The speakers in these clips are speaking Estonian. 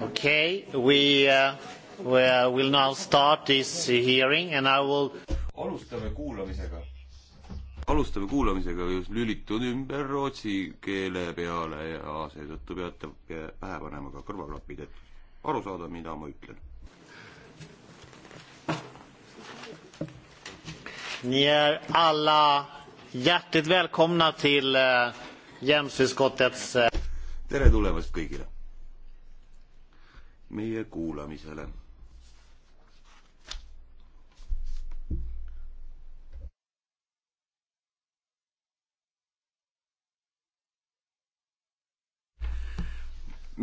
Okay, we, uh, we uh, will now start this hearing and I will alustame kuulamisega. alustame kuulamisega, lülitun ümber rootsi keele peale ja seetõttu peate pähe panema ka kõrvaklapid, et aru saada, mida ma ütlen. Ni är alla hjärtligt välkomna till uh, jämställdhetsutskottets uh, tere tulemast kõigile meie kuulamisele.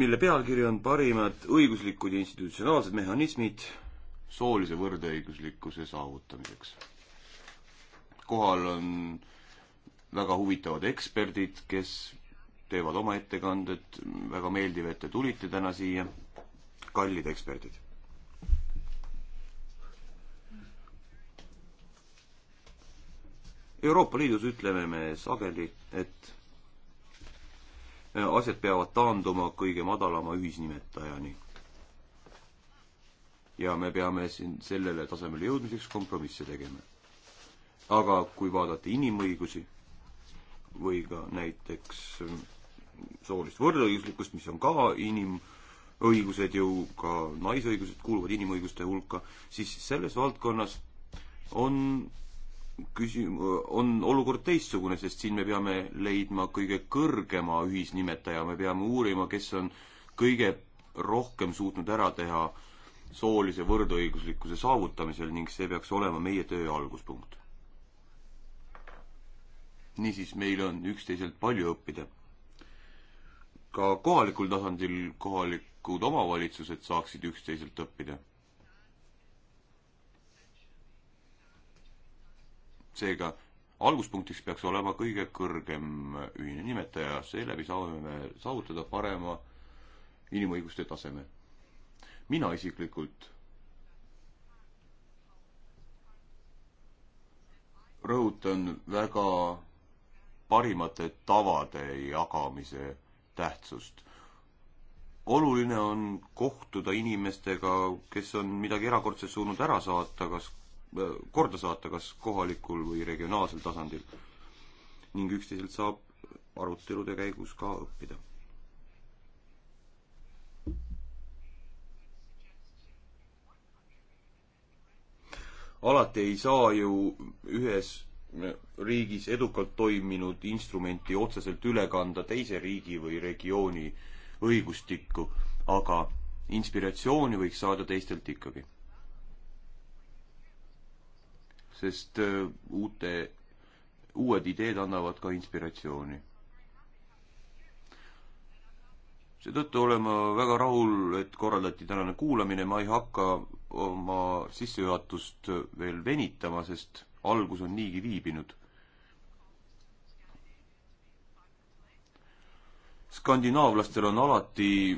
mille pealkiri on parimad õiguslikud ja institutsionaalsed mehhanismid soolise võrdõiguslikkuse saavutamiseks. kohal on väga huvitavad eksperdid, kes teevad oma ettekanded, väga meeldiv, et te tulite täna siia, kallid eksperdid. Euroopa Liidus ütleme me sageli, et asjad peavad taanduma kõige madalama ühisnimetajani. ja me peame siin sellele tasemele jõudmiseks kompromisse tegema. aga kui vaadata inimõigusi või ka näiteks soolist võrdõiguslikkust, mis on ka inimõigused ju, ka naisõigused kuuluvad inimõiguste hulka, siis selles valdkonnas on küsim-, on olukord teistsugune, sest siin me peame leidma kõige kõrgema ühisnimetaja, me peame uurima, kes on kõige rohkem suutnud ära teha soolise võrdõiguslikkuse saavutamisel ning see peaks olema meie töö alguspunkt. niisiis, meil on üksteiselt palju õppida ka kohalikul tasandil kohalikud omavalitsused saaksid üksteiselt õppida. seega alguspunktiks peaks olema kõige kõrgem ühine nimetaja, seeläbi saame me saavutada parema inimõiguste taseme. mina isiklikult rõhutan väga parimate tavade jagamise tähtsust. oluline on kohtuda inimestega, kes on midagi erakordset suutnud ära saata, kas, äh, korda saata, kas kohalikul või regionaalsel tasandil. ning üksteiselt saab arutelude käigus ka õppida. alati ei saa ju ühes riigis edukalt toiminud instrumenti otseselt üle kanda teise riigi või regiooni õigustikku, aga inspiratsiooni võiks saada teistelt ikkagi. sest äh, uute, uued ideed annavad ka inspiratsiooni. seetõttu olen ma väga rahul, et korraldati tänane kuulamine, ma ei hakka oma sissejuhatust veel venitama, sest algus on niigi viibinud. skandinaavlastel on alati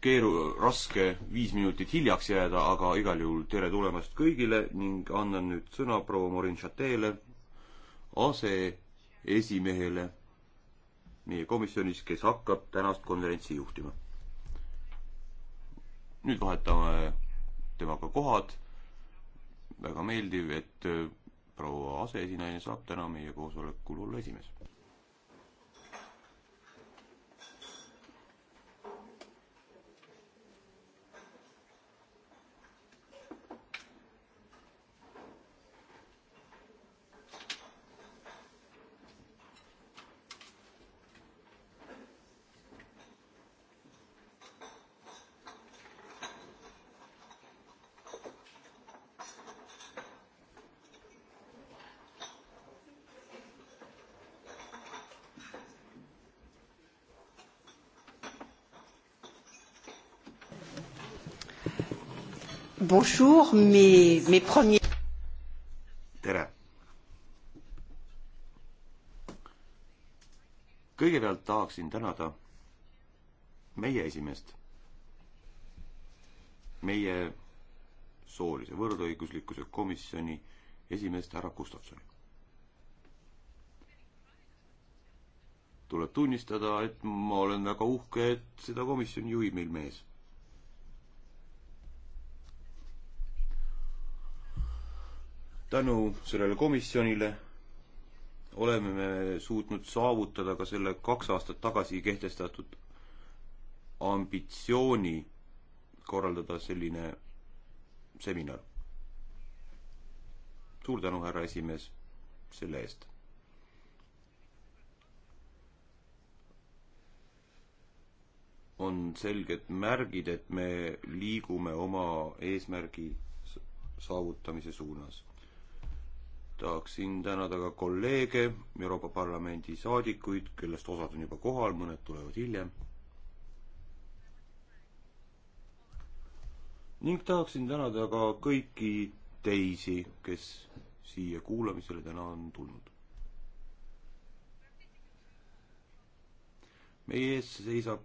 keeru-, raske viis minutit hiljaks jääda, aga igal juhul tere tulemast kõigile ning annan nüüd sõna proua Morin Chateele, aseesimehele meie komisjonis, kes hakkab tänast konverentsi juhtima. nüüd vahetame temaga kohad, väga meeldiv, et proua aseesinaine saab täna meie koosolekul olla esimees. Bonjour, mes, mes premiers... tere! kõigepealt tahaksin tänada meie esimeest, meie soolise võrdõiguslikkuse komisjoni esimeest härra Gustafsoni. tuleb tunnistada, et ma olen väga uhke, et seda komisjoni juhib meil mees tänu sellele komisjonile oleme me suutnud saavutada ka selle kaks aastat tagasi kehtestatud ambitsiooni korraldada selline seminar. suur tänu, härra esimees, selle eest. on selged märgid, et me liigume oma eesmärgi saavutamise suunas tahaksin tänada ka kolleege, Euroopa Parlamendi saadikuid, kellest osad on juba kohal, mõned tulevad hiljem. ning tahaksin tänada ka kõiki teisi, kes siia kuulamisele täna on tulnud. meie ees seisab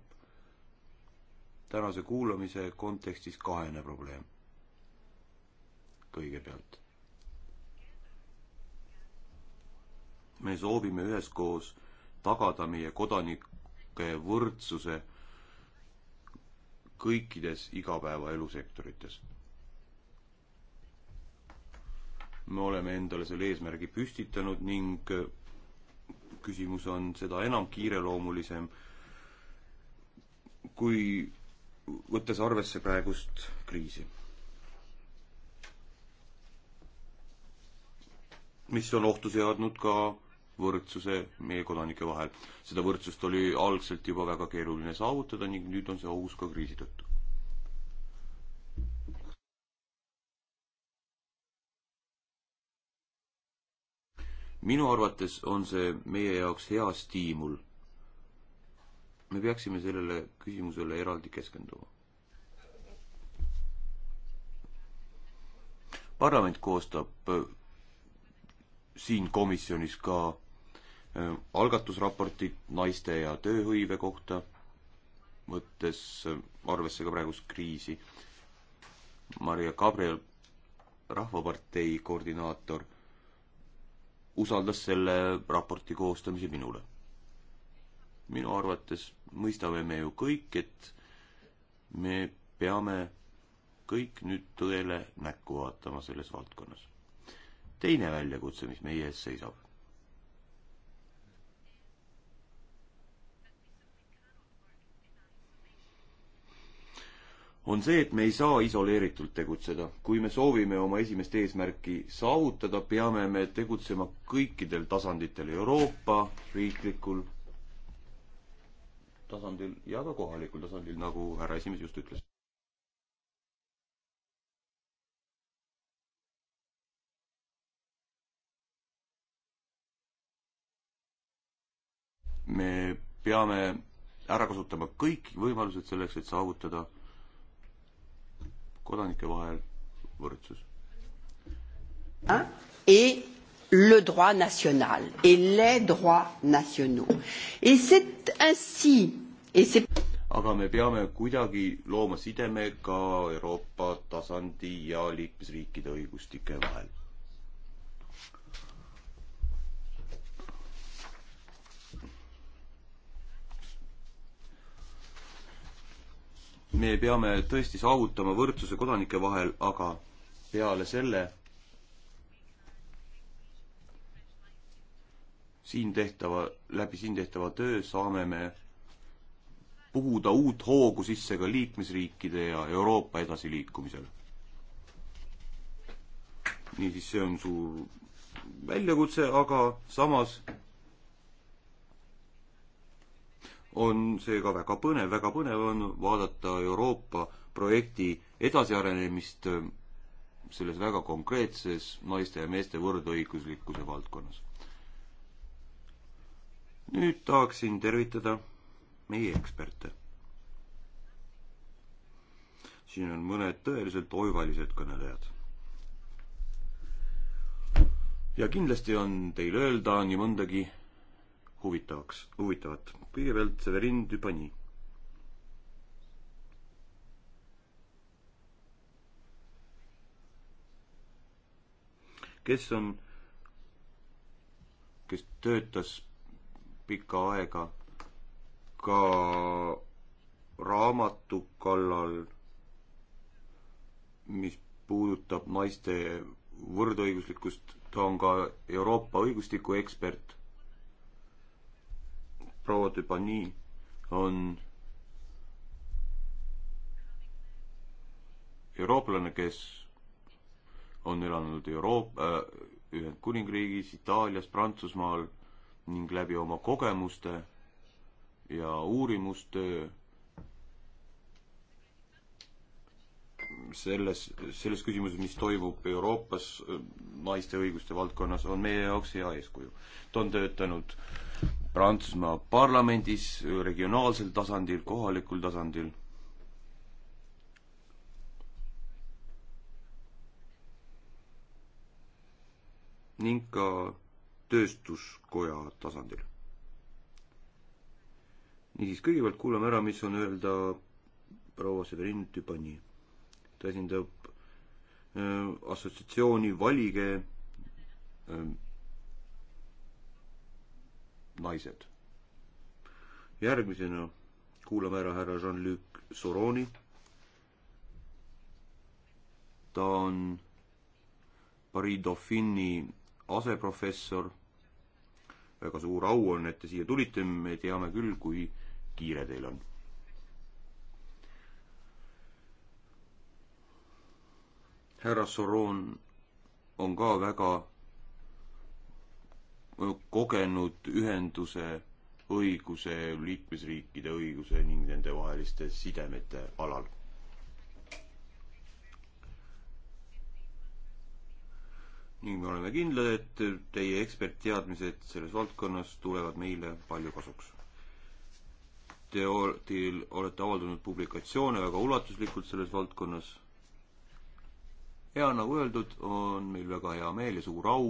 tänase kuulamise kontekstis kahene probleem. kõigepealt me soovime üheskoos tagada meie kodanike võrdsuse kõikides igapäevaelu sektorites. me oleme endale selle eesmärgi püstitanud ning küsimus on seda enam kiireloomulisem, kui võttes arvesse praegust kriisi mis on ohtu seadnud ka võrdsuse meie kodanike vahel. seda võrdsust oli algselt juba väga keeruline saavutada ning nüüd on see ohus ka kriisi tõttu. minu arvates on see meie jaoks hea stiimul. me peaksime sellele küsimusele eraldi keskenduma parlament koostab äh, siin komisjonis ka Äh, algatusraportit naiste ja tööhõive kohta, võttes äh, arvesse ka praegust kriisi. Maria Gabriel, Rahvapartei koordinaator, usaldas selle raporti koostamise minule. minu arvates mõistame me ju kõik, et me peame kõik nüüd tõele näkku vaatama selles valdkonnas. teine väljakutse, mis meie ees seisab on see, et me ei saa isoleeritult tegutseda. kui me soovime oma esimest eesmärki saavutada, peame me tegutsema kõikidel tasanditel, Euroopa, riiklikul tasandil ja ka kohalikul tasandil, nagu härra esimees just ütles. me peame ära kasutama kõik võimalused selleks, et saavutada kodanike vahel võrdsus. Et le droit national et les droits nationaux. Et c'est ainsi et c'est aga me peame kuidagi looma sideme ka Euroopa tasandi ja liikmesriikide õigustike vahel. me peame tõesti saavutama võrdsuse kodanike vahel, aga peale selle siin tehtava, läbi siin tehtava töö saame me puhuda uut hoogu sisse ka liikmesriikide ja Euroopa edasiliikumisel. niisiis, see on suur väljakutse, aga samas on seega väga põnev, väga põnev on vaadata Euroopa projekti edasiarenemist äh, selles väga konkreetses naiste ja meeste võrdõiguslikkuse valdkonnas. nüüd tahaksin tervitada meie eksperte. siin on mõned tõeliselt oivalised kõnelejad. ja kindlasti on teil öelda nii mõndagi huvitavaks, huvitavat kõigepealt Severin Tüpani. kes on, kes töötas pikka aega ka raamatu kallal, mis puudutab naiste võrdõiguslikkust, ta on ka Euroopa õigustiku ekspert proua Tüpani on eurooplane, kes on elanud Euroopa äh,, Ühendkuningriigis, Itaalias, Prantsusmaal ning läbi oma kogemuste ja uurimustöö selles, selles küsimuses, mis toimub Euroopas äh, naiste õiguste valdkonnas, on meie jaoks hea eeskuju. ta on töötanud Prantsusmaa parlamendis, regionaalsel tasandil, kohalikul tasandil. ning ka tööstuskoja tasandil. niisiis, kõigepealt kuulame ära, mis on öelda proua Severin Tüpani. ta esindab äh, assotsiatsiooni Valige äh, naised. järgmisena kuulame ära härra Jean-Luc Soroni. ta on Paris Dauphini aseprofessor. väga suur au on, et te siia tulite, me teame küll, kui kiire teil on härra Soron on ka väga kogenud ühenduse õiguse, liikmesriikide õiguse ning nendevaheliste sidemete alal. ning me oleme kindlad, et teie ekspertteadmised selles valdkonnas tulevad meile palju kasuks. Te ol-, teil olete avaldanud publikatsioone väga ulatuslikult selles valdkonnas ja nagu öeldud, on meil väga hea meel ja suur au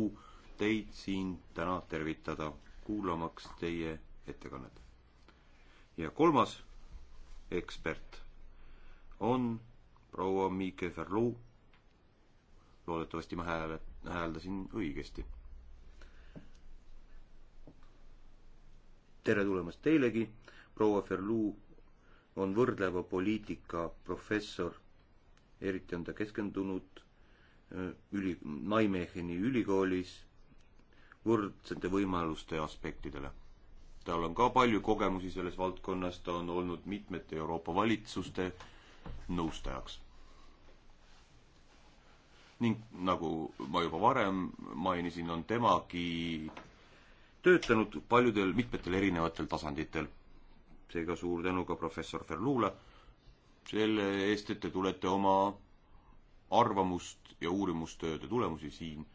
teid siin täna tervitada, kuulamaks teie ettekannet. ja kolmas ekspert on proua Miike Ferlu. loodetavasti ma hääle, hääldasin õigesti. tere tulemast teilegi, proua Ferlu on võrdleva poliitika professor, eriti on ta keskendunud äh, üli, Naimeheni ülikoolis võrdsete võimaluste aspektidele. tal on ka palju kogemusi selles valdkonnas, ta on olnud mitmete Euroopa valitsuste nõustajaks. ning nagu ma juba varem mainisin, on temagi töötanud paljudel, mitmetel erinevatel tasanditel. seega suur tänu ka professor Ferlule selle eest, et te tulete oma arvamust ja uurimustööde tulemusi siin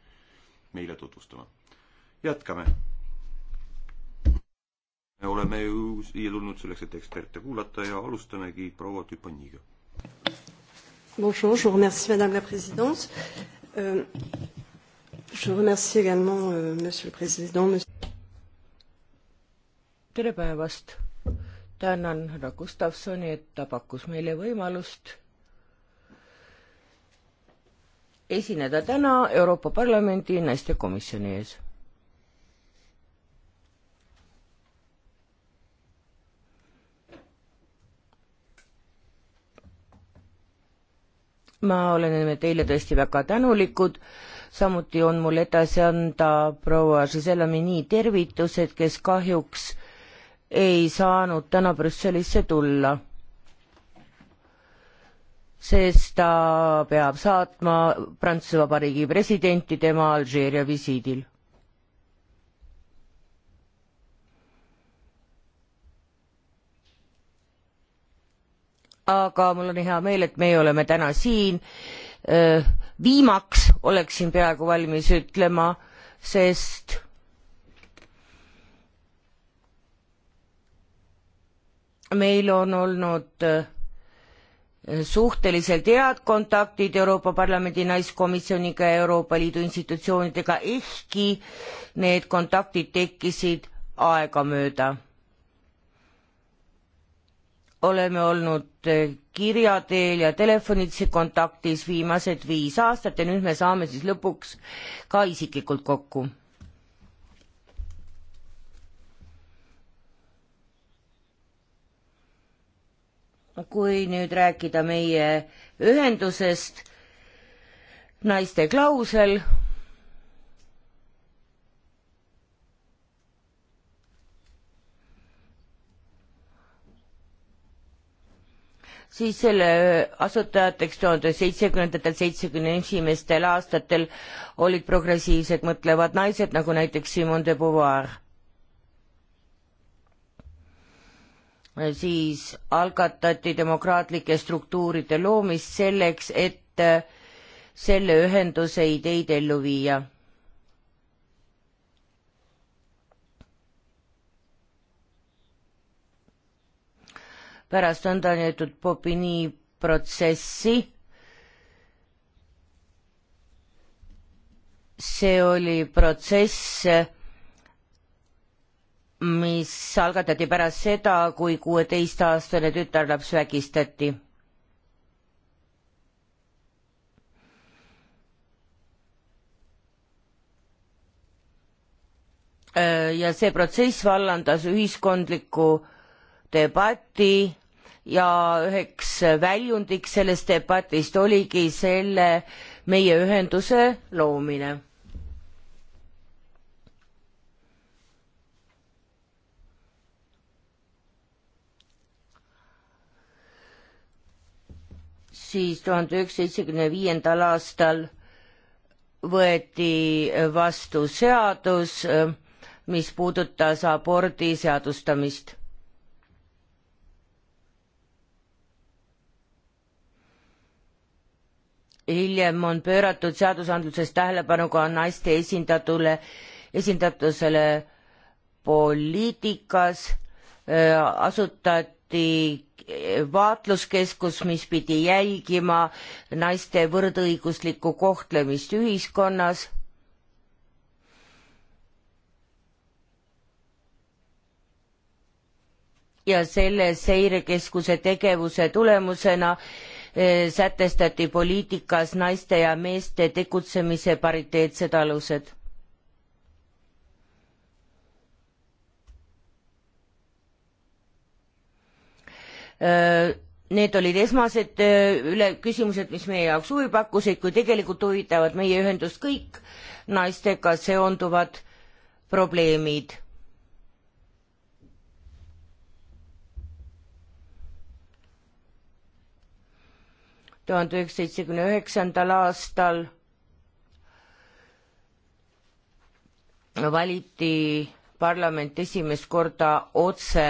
meile tutvustama jätkame. me oleme ju siia tulnud selleks, et eksperte kuulata ja alustamegi proua Tüpaniga. Bonjour, je vous remercie madame la présidente euh,. Je remercie également euh, monsieur le président monsieur.... tere päevast. tänan härra Gustavsoni, et ta pakkus meile võimalust esineda täna Euroopa Parlamendi naistekomisjoni ees ma olen teile tõesti väga tänulikud, samuti on mul edasi anda proua Gisela Mini tervitused, kes kahjuks ei saanud täna Brüsselisse tulla. sest ta peab saatma Prantsuse Vabariigi presidenti tema Alžeeria visiidil aga mul on hea meel, et meie oleme täna siin. viimaks oleksin peaaegu valmis ütlema, sest meil on olnud suhteliselt head kontaktid Euroopa Parlamendi naiskomisjoniga ja Euroopa Liidu institutsioonidega, ehkki need kontaktid tekkisid aegamööda oleme olnud kirja teel ja telefonitsi kontaktis viimased viis aastat ja nüüd me saame siis lõpuks ka isiklikult kokku. kui nüüd rääkida meie ühendusest naiste klausel, siis selle asutajateks tuhande seitsmekümnendatel, seitsmekümne esimestel aastatel olid progressiivsed mõtlevad naised, nagu näiteks Simone de Beauvoir. siis algatati demokraatlike struktuuride loomist selleks, et selle ühenduse ideid ellu viia pärast nõndanimetatud Bobini protsessi. see oli protsess, mis algatati pärast seda, kui kuueteistaastane tütarlaps vägistati ja see protsess vallandas ühiskondliku debati ja üheks väljundiks sellest debatist oligi selle meie ühenduse loomine. siis tuhande üheksasaja seitsmekümne viiendal aastal võeti vastu seadus, mis puudutas abordi seadustamist hiljem on pööratud seadusandluses tähelepanu ka naiste esindatule, esindatusele poliitikas, äh, asutati äh, vaatluskeskus, mis pidi jälgima naiste võrdõiguslikku kohtlemist ühiskonnas. ja selle seirekeskuse tegevuse tulemusena äh, Eh, sätestati poliitikas naiste ja meeste tegutsemise pariteetsed alused. Eh, need olid esmased eh, üle küsimused, mis meie jaoks huvi pakkusid, kui tegelikult huvitavad meie ühendust kõik naistega seonduvad probleemid tuhande üheksasaja seitsekümne üheksandal aastal valiti parlament esimest korda otse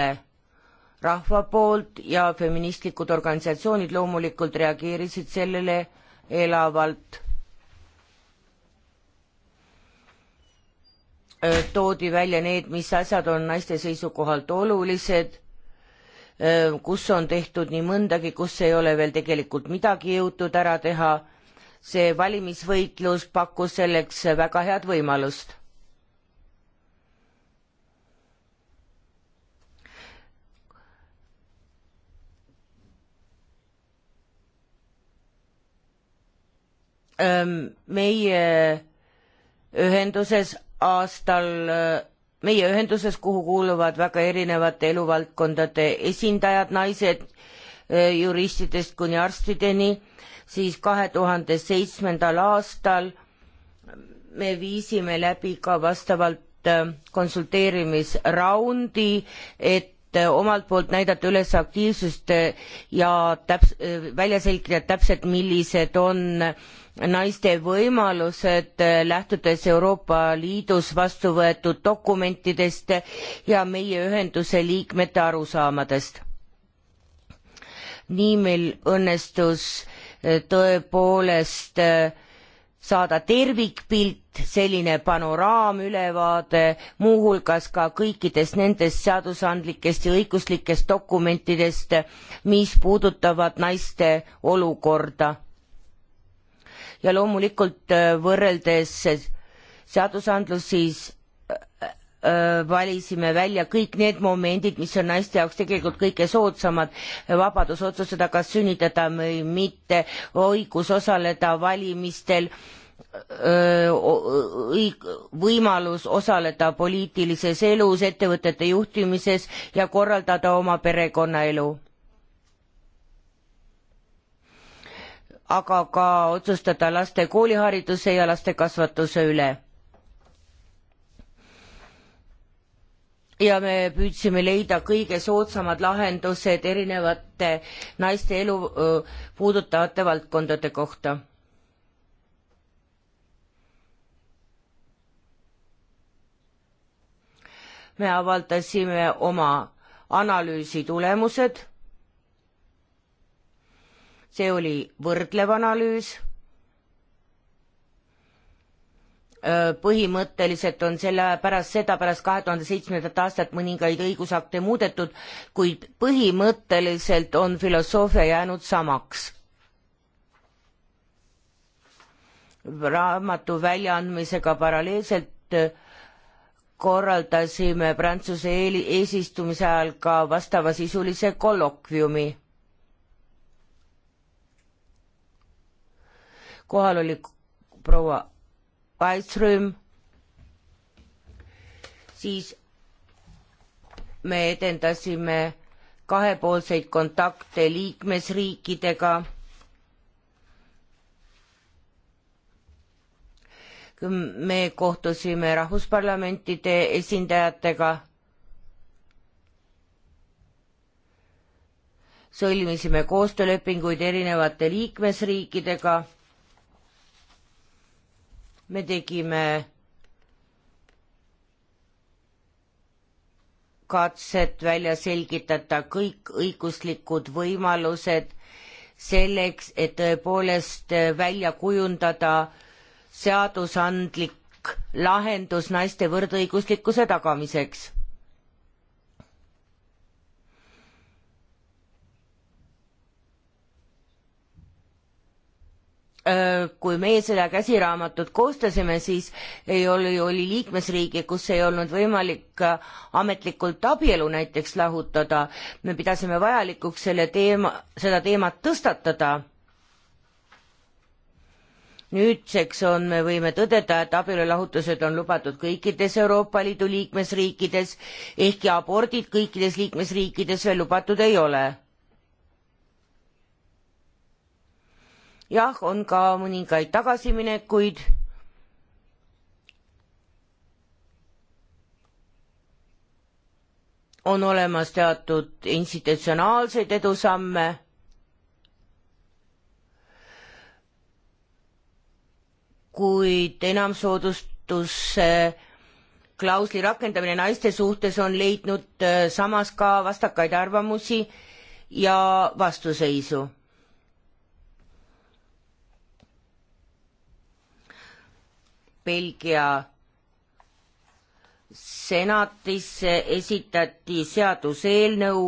rahva poolt ja feministlikud organisatsioonid loomulikult reageerisid sellele elavalt. toodi välja need, mis asjad on naiste seisukohalt olulised Äh, kus on tehtud nii mõndagi, kus ei ole veel tegelikult midagi jõutud ära teha. see valimisvõitlus pakkus selleks väga head võimalust. Ähm, meie ühenduses aastal äh, meie ühenduses, kuhu kuuluvad väga erinevate eluvaldkondade esindajad, naised eh, juristidest kuni arstideni, siis kahe tuhande seitsmendal aastal me viisime läbi ka vastavalt eh, konsulteerimisraundi, et eh, omalt poolt näidata üles aktiivsust ja täps-, välja selgitada täpselt, millised on naiste võimalused äh, lähtudes Euroopa Liidus vastu võetud dokumentidest ja meie ühenduse liikmete arusaamadest. nii meil õnnestus äh, tõepoolest äh, saada tervikpilt, selline panoraamülevaade, muuhulgas ka kõikidest nendest seadusandlikest ja õiguslikest dokumentidest, mis puudutavad naiste olukorda ja loomulikult äh, võrreldes seadusandlust, siis äh, äh, valisime välja kõik need momendid, mis on naiste jaoks tegelikult kõige soodsamad, vabadus otsustada, kas sünnitada või mitte, õigus osaleda valimistel, õig-, võimalus osaleda poliitilises elus, ettevõtete juhtimises ja korraldada oma perekonnaelu aga ka otsustada laste koolihariduse ja laste kasvatuse üle. ja me püüdsime leida kõige soodsamad lahendused erinevate naiste elu puudutavate valdkondade kohta me avaldasime oma analüüsi tulemused see oli võrdlev analüüs. põhimõtteliselt on selle pärast seda, pärast kahe tuhande seitsmendat aastat mõningaid õigusakte muudetud, kuid põhimõtteliselt on filosoofia jäänud samaks. raamatu väljaandmisega paralleelselt korraldasime Prantsuse eesistumise ajal ka vastavasisulise kollokviumi kohal oli proua Paitsröm, siis me edendasime kahepoolseid kontakte liikmesriikidega. me kohtusime rahvusparlamentide esindajatega. sõlmisime koostöölepinguid erinevate liikmesriikidega me tegime katset välja selgitada kõik õiguslikud võimalused selleks, et tõepoolest välja kujundada seadusandlik lahendus naiste võrdõiguslikkuse tagamiseks. Äh, kui meie seda käsiraamatut koostasime, siis ei oli, oli liikmesriigi, kus ei olnud võimalik äh, ametlikult abielu näiteks lahutada. me pidasime vajalikuks selle teema, seda teemat tõstatada. nüüdseks on, me võime tõdeda, et abielulahutused on lubatud kõikides Euroopa Liidu liikmesriikides, ehkki abordid kõikides liikmesriikides veel lubatud ei ole jah, on ka mõningaid tagasiminekuid. on olemas teatud institutsionaalseid edusamme. kuid enamsoodustusse klausli rakendamine naiste suhtes on leidnud äh, samas ka vastakaid arvamusi ja vastuseisu Belgia senatisse esitati seaduseelnõu,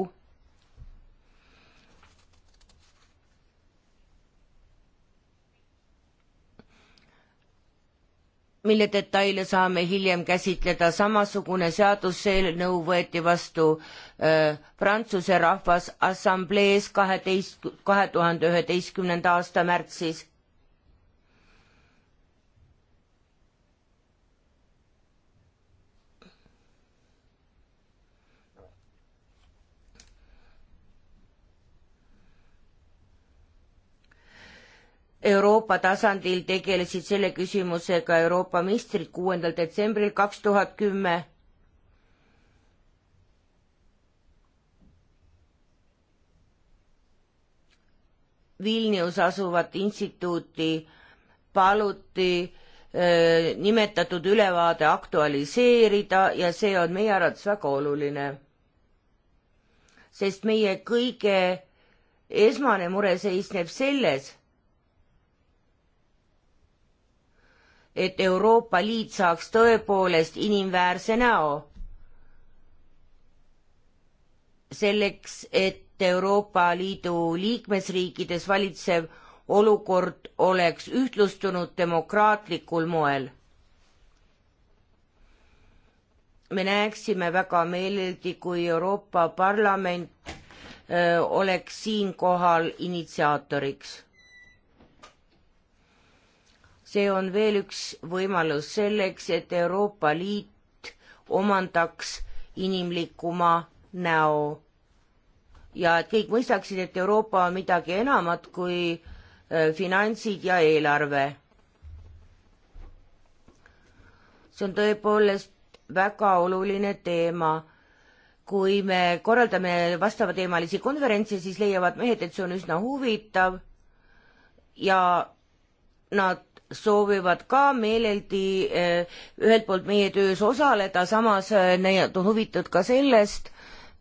mille detaile saame hiljem käsitleda, samasugune seaduseelnõu võeti vastu äh, Prantsuse Rahvasassamblees kaheteist, kahe tuhande üheteistkümnenda aasta märtsis Euroopa tasandil tegelesid selle küsimusega Euroopa ministrid kuuendal detsembril kaks tuhat kümme. Vilnius asuvat instituuti paluti öö, nimetatud ülevaade aktualiseerida ja see on meie arvates väga oluline. sest meie kõige esmane mure seisneb selles et Euroopa Liit saaks tõepoolest inimväärse näo. selleks, et Euroopa Liidu liikmesriikides valitsev olukord oleks ühtlustunud demokraatlikul moel. me näeksime väga meeleldi, kui Euroopa Parlament öö, oleks siinkohal initsiaatoriks see on veel üks võimalus selleks, et Euroopa Liit omandaks inimlikuma näo ja et kõik mõistaksid, et Euroopa on midagi enamat kui äh, finantsid ja eelarve. see on tõepoolest väga oluline teema. kui me korraldame vastavateemalisi konverentse, siis leiavad mehed, et see on üsna huvitav ja nad soovivad ka meeleldi eh, ühelt poolt meie töös osaleda, samas eh, nad on huvitatud ka sellest,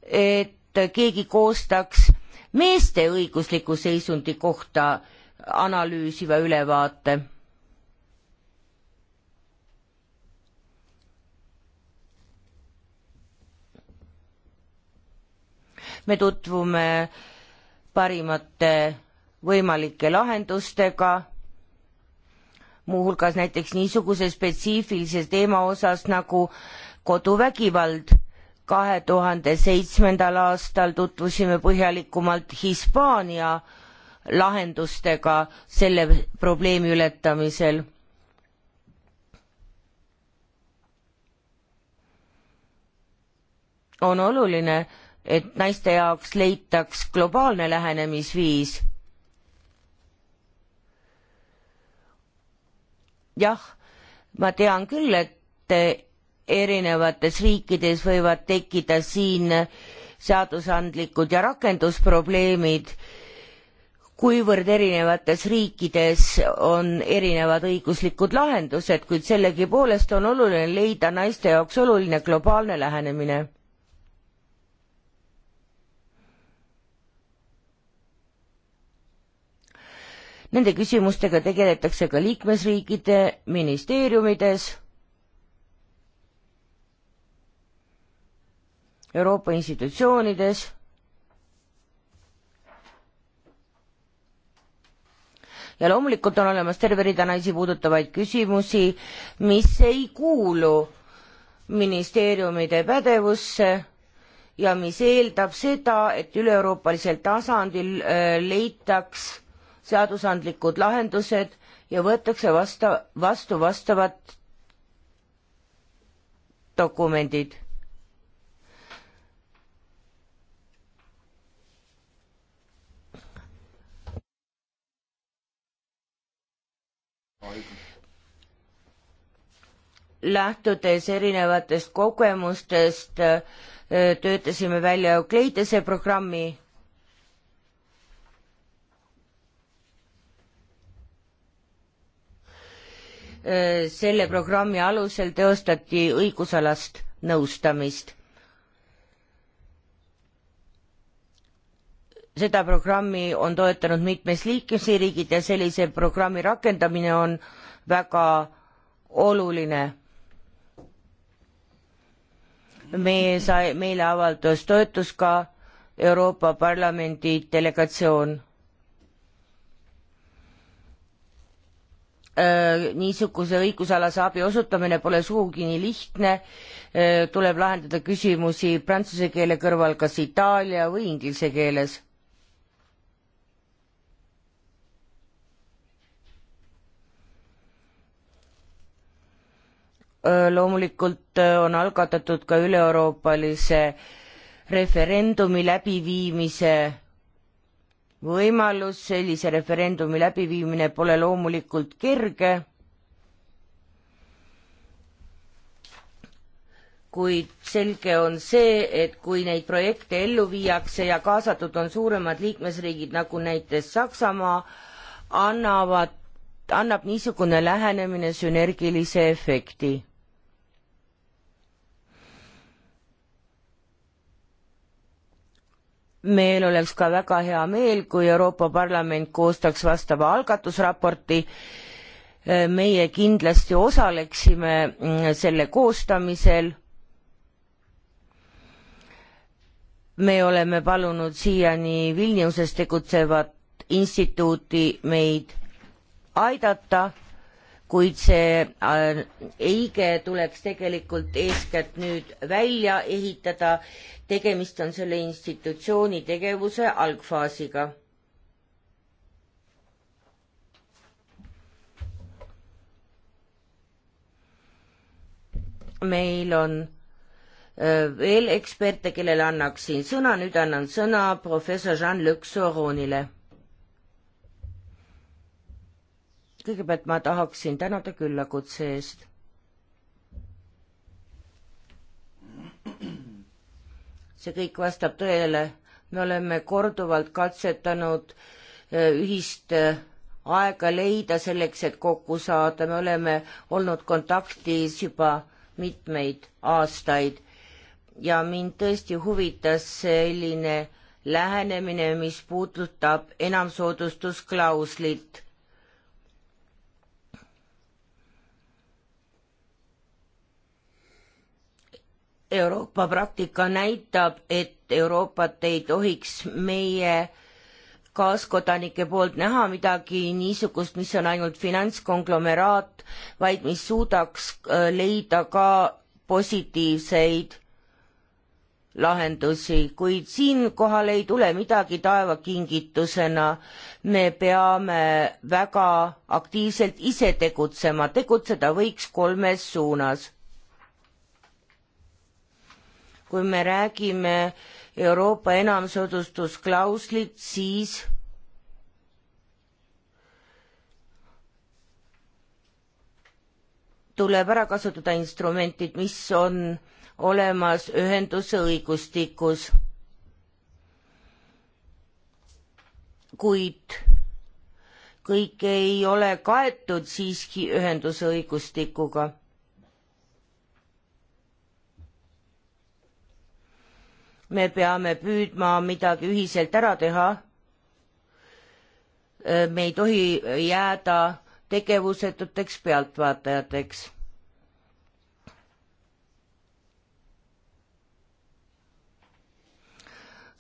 et keegi koostaks meeste õigusliku seisundi kohta analüüsiva ülevaate. me tutvume parimate võimalike lahendustega muuhulgas näiteks niisuguse spetsiifilise teema osas nagu koduvägivald. kahe tuhande seitsmendal aastal tutvusime põhjalikumalt Hispaania lahendustega selle probleemi ületamisel on oluline et naiste jaoks leitaks globaalne lähenemisviis jah, ma tean küll, et erinevates riikides võivad tekkida siin seadusandlikud ja rakendusprobleemid, kuivõrd erinevates riikides on erinevad õiguslikud lahendused, kuid sellegipoolest on oluline leida naiste jaoks oluline globaalne lähenemine Nende küsimustega tegeletakse ka liikmesriikide ministeeriumides, Euroopa institutsioonides ja loomulikult on olemas terve rida naisi puudutavaid küsimusi, mis ei kuulu ministeeriumide pädevusse ja mis eeldab seda, et üleeuroopalisel tasandil äh, leitaks seadusandlikud lahendused ja võetakse vasta, vastu vastavad dokumendid. lähtudes erinevatest kogemustest töötasime välja Euclidese programmi Äh, selle programmi alusel teostati õigusalast nõustamist. seda programmi on toetanud mitmes liikmesriigid ja sellise programmi rakendamine on väga oluline. meie sai, meile avaldas toetust ka Euroopa Parlamendi delegatsioon Äh, niisuguse õigusalase abi osutamine pole sugugi nii lihtne, äh, tuleb lahendada küsimusi prantsuse keele kõrval kas itaalia või inglise keeles. Äh, loomulikult on algatatud ka üle-euroopalise referendumi läbiviimise võimalus, sellise referendumi läbiviimine pole loomulikult kerge, kuid selge on see, et kui neid projekte ellu viiakse ja kaasatud on suuremad liikmesriigid, nagu näiteks Saksamaa, annavad, annab niisugune lähenemine sünergilise efekti meil oleks ka väga hea meel, kui Euroopa Parlament koostaks vastava algatusraporti. Äh, meie kindlasti osaleksime mm, selle koostamisel. me oleme palunud siiani Vilniuses tegutsevat instituuti meid aidata kuid see eige äh, tuleks tegelikult eeskätt nüüd välja ehitada. tegemist on selle institutsiooni tegevuse algfaasiga. meil on äh, veel eksperte, kellele annaksin sõna, nüüd annan sõna professor Jean-Luc Soronile kõigepealt ma tahaksin tänada küllakutse eest. see kõik vastab tõele, me oleme korduvalt katsetanud äh, ühist äh, aega leida selleks, et kokku saada, me oleme olnud kontaktis juba mitmeid aastaid ja mind tõesti huvitas selline lähenemine, mis puudutab enamsoodustusklauslit Euroopa praktika näitab, et Euroopat ei tohiks meie kaaskodanike poolt näha midagi niisugust, mis on ainult finantskonglomeraat, vaid mis suudaks äh, leida ka positiivseid lahendusi, kuid siinkohal ei tule midagi taevakingitusena. me peame väga aktiivselt ise tegutsema, tegutseda võiks kolmes suunas kui me räägime Euroopa enamsoodustusklauslit, siis tuleb ära kasutada instrumentid, mis on olemas ühenduse õigustikus. kuid kõik ei ole kaetud siiski ühenduse õigustikuga me peame püüdma midagi ühiselt ära teha. Äh, me ei tohi jääda tegevusetuteks pealtvaatajateks.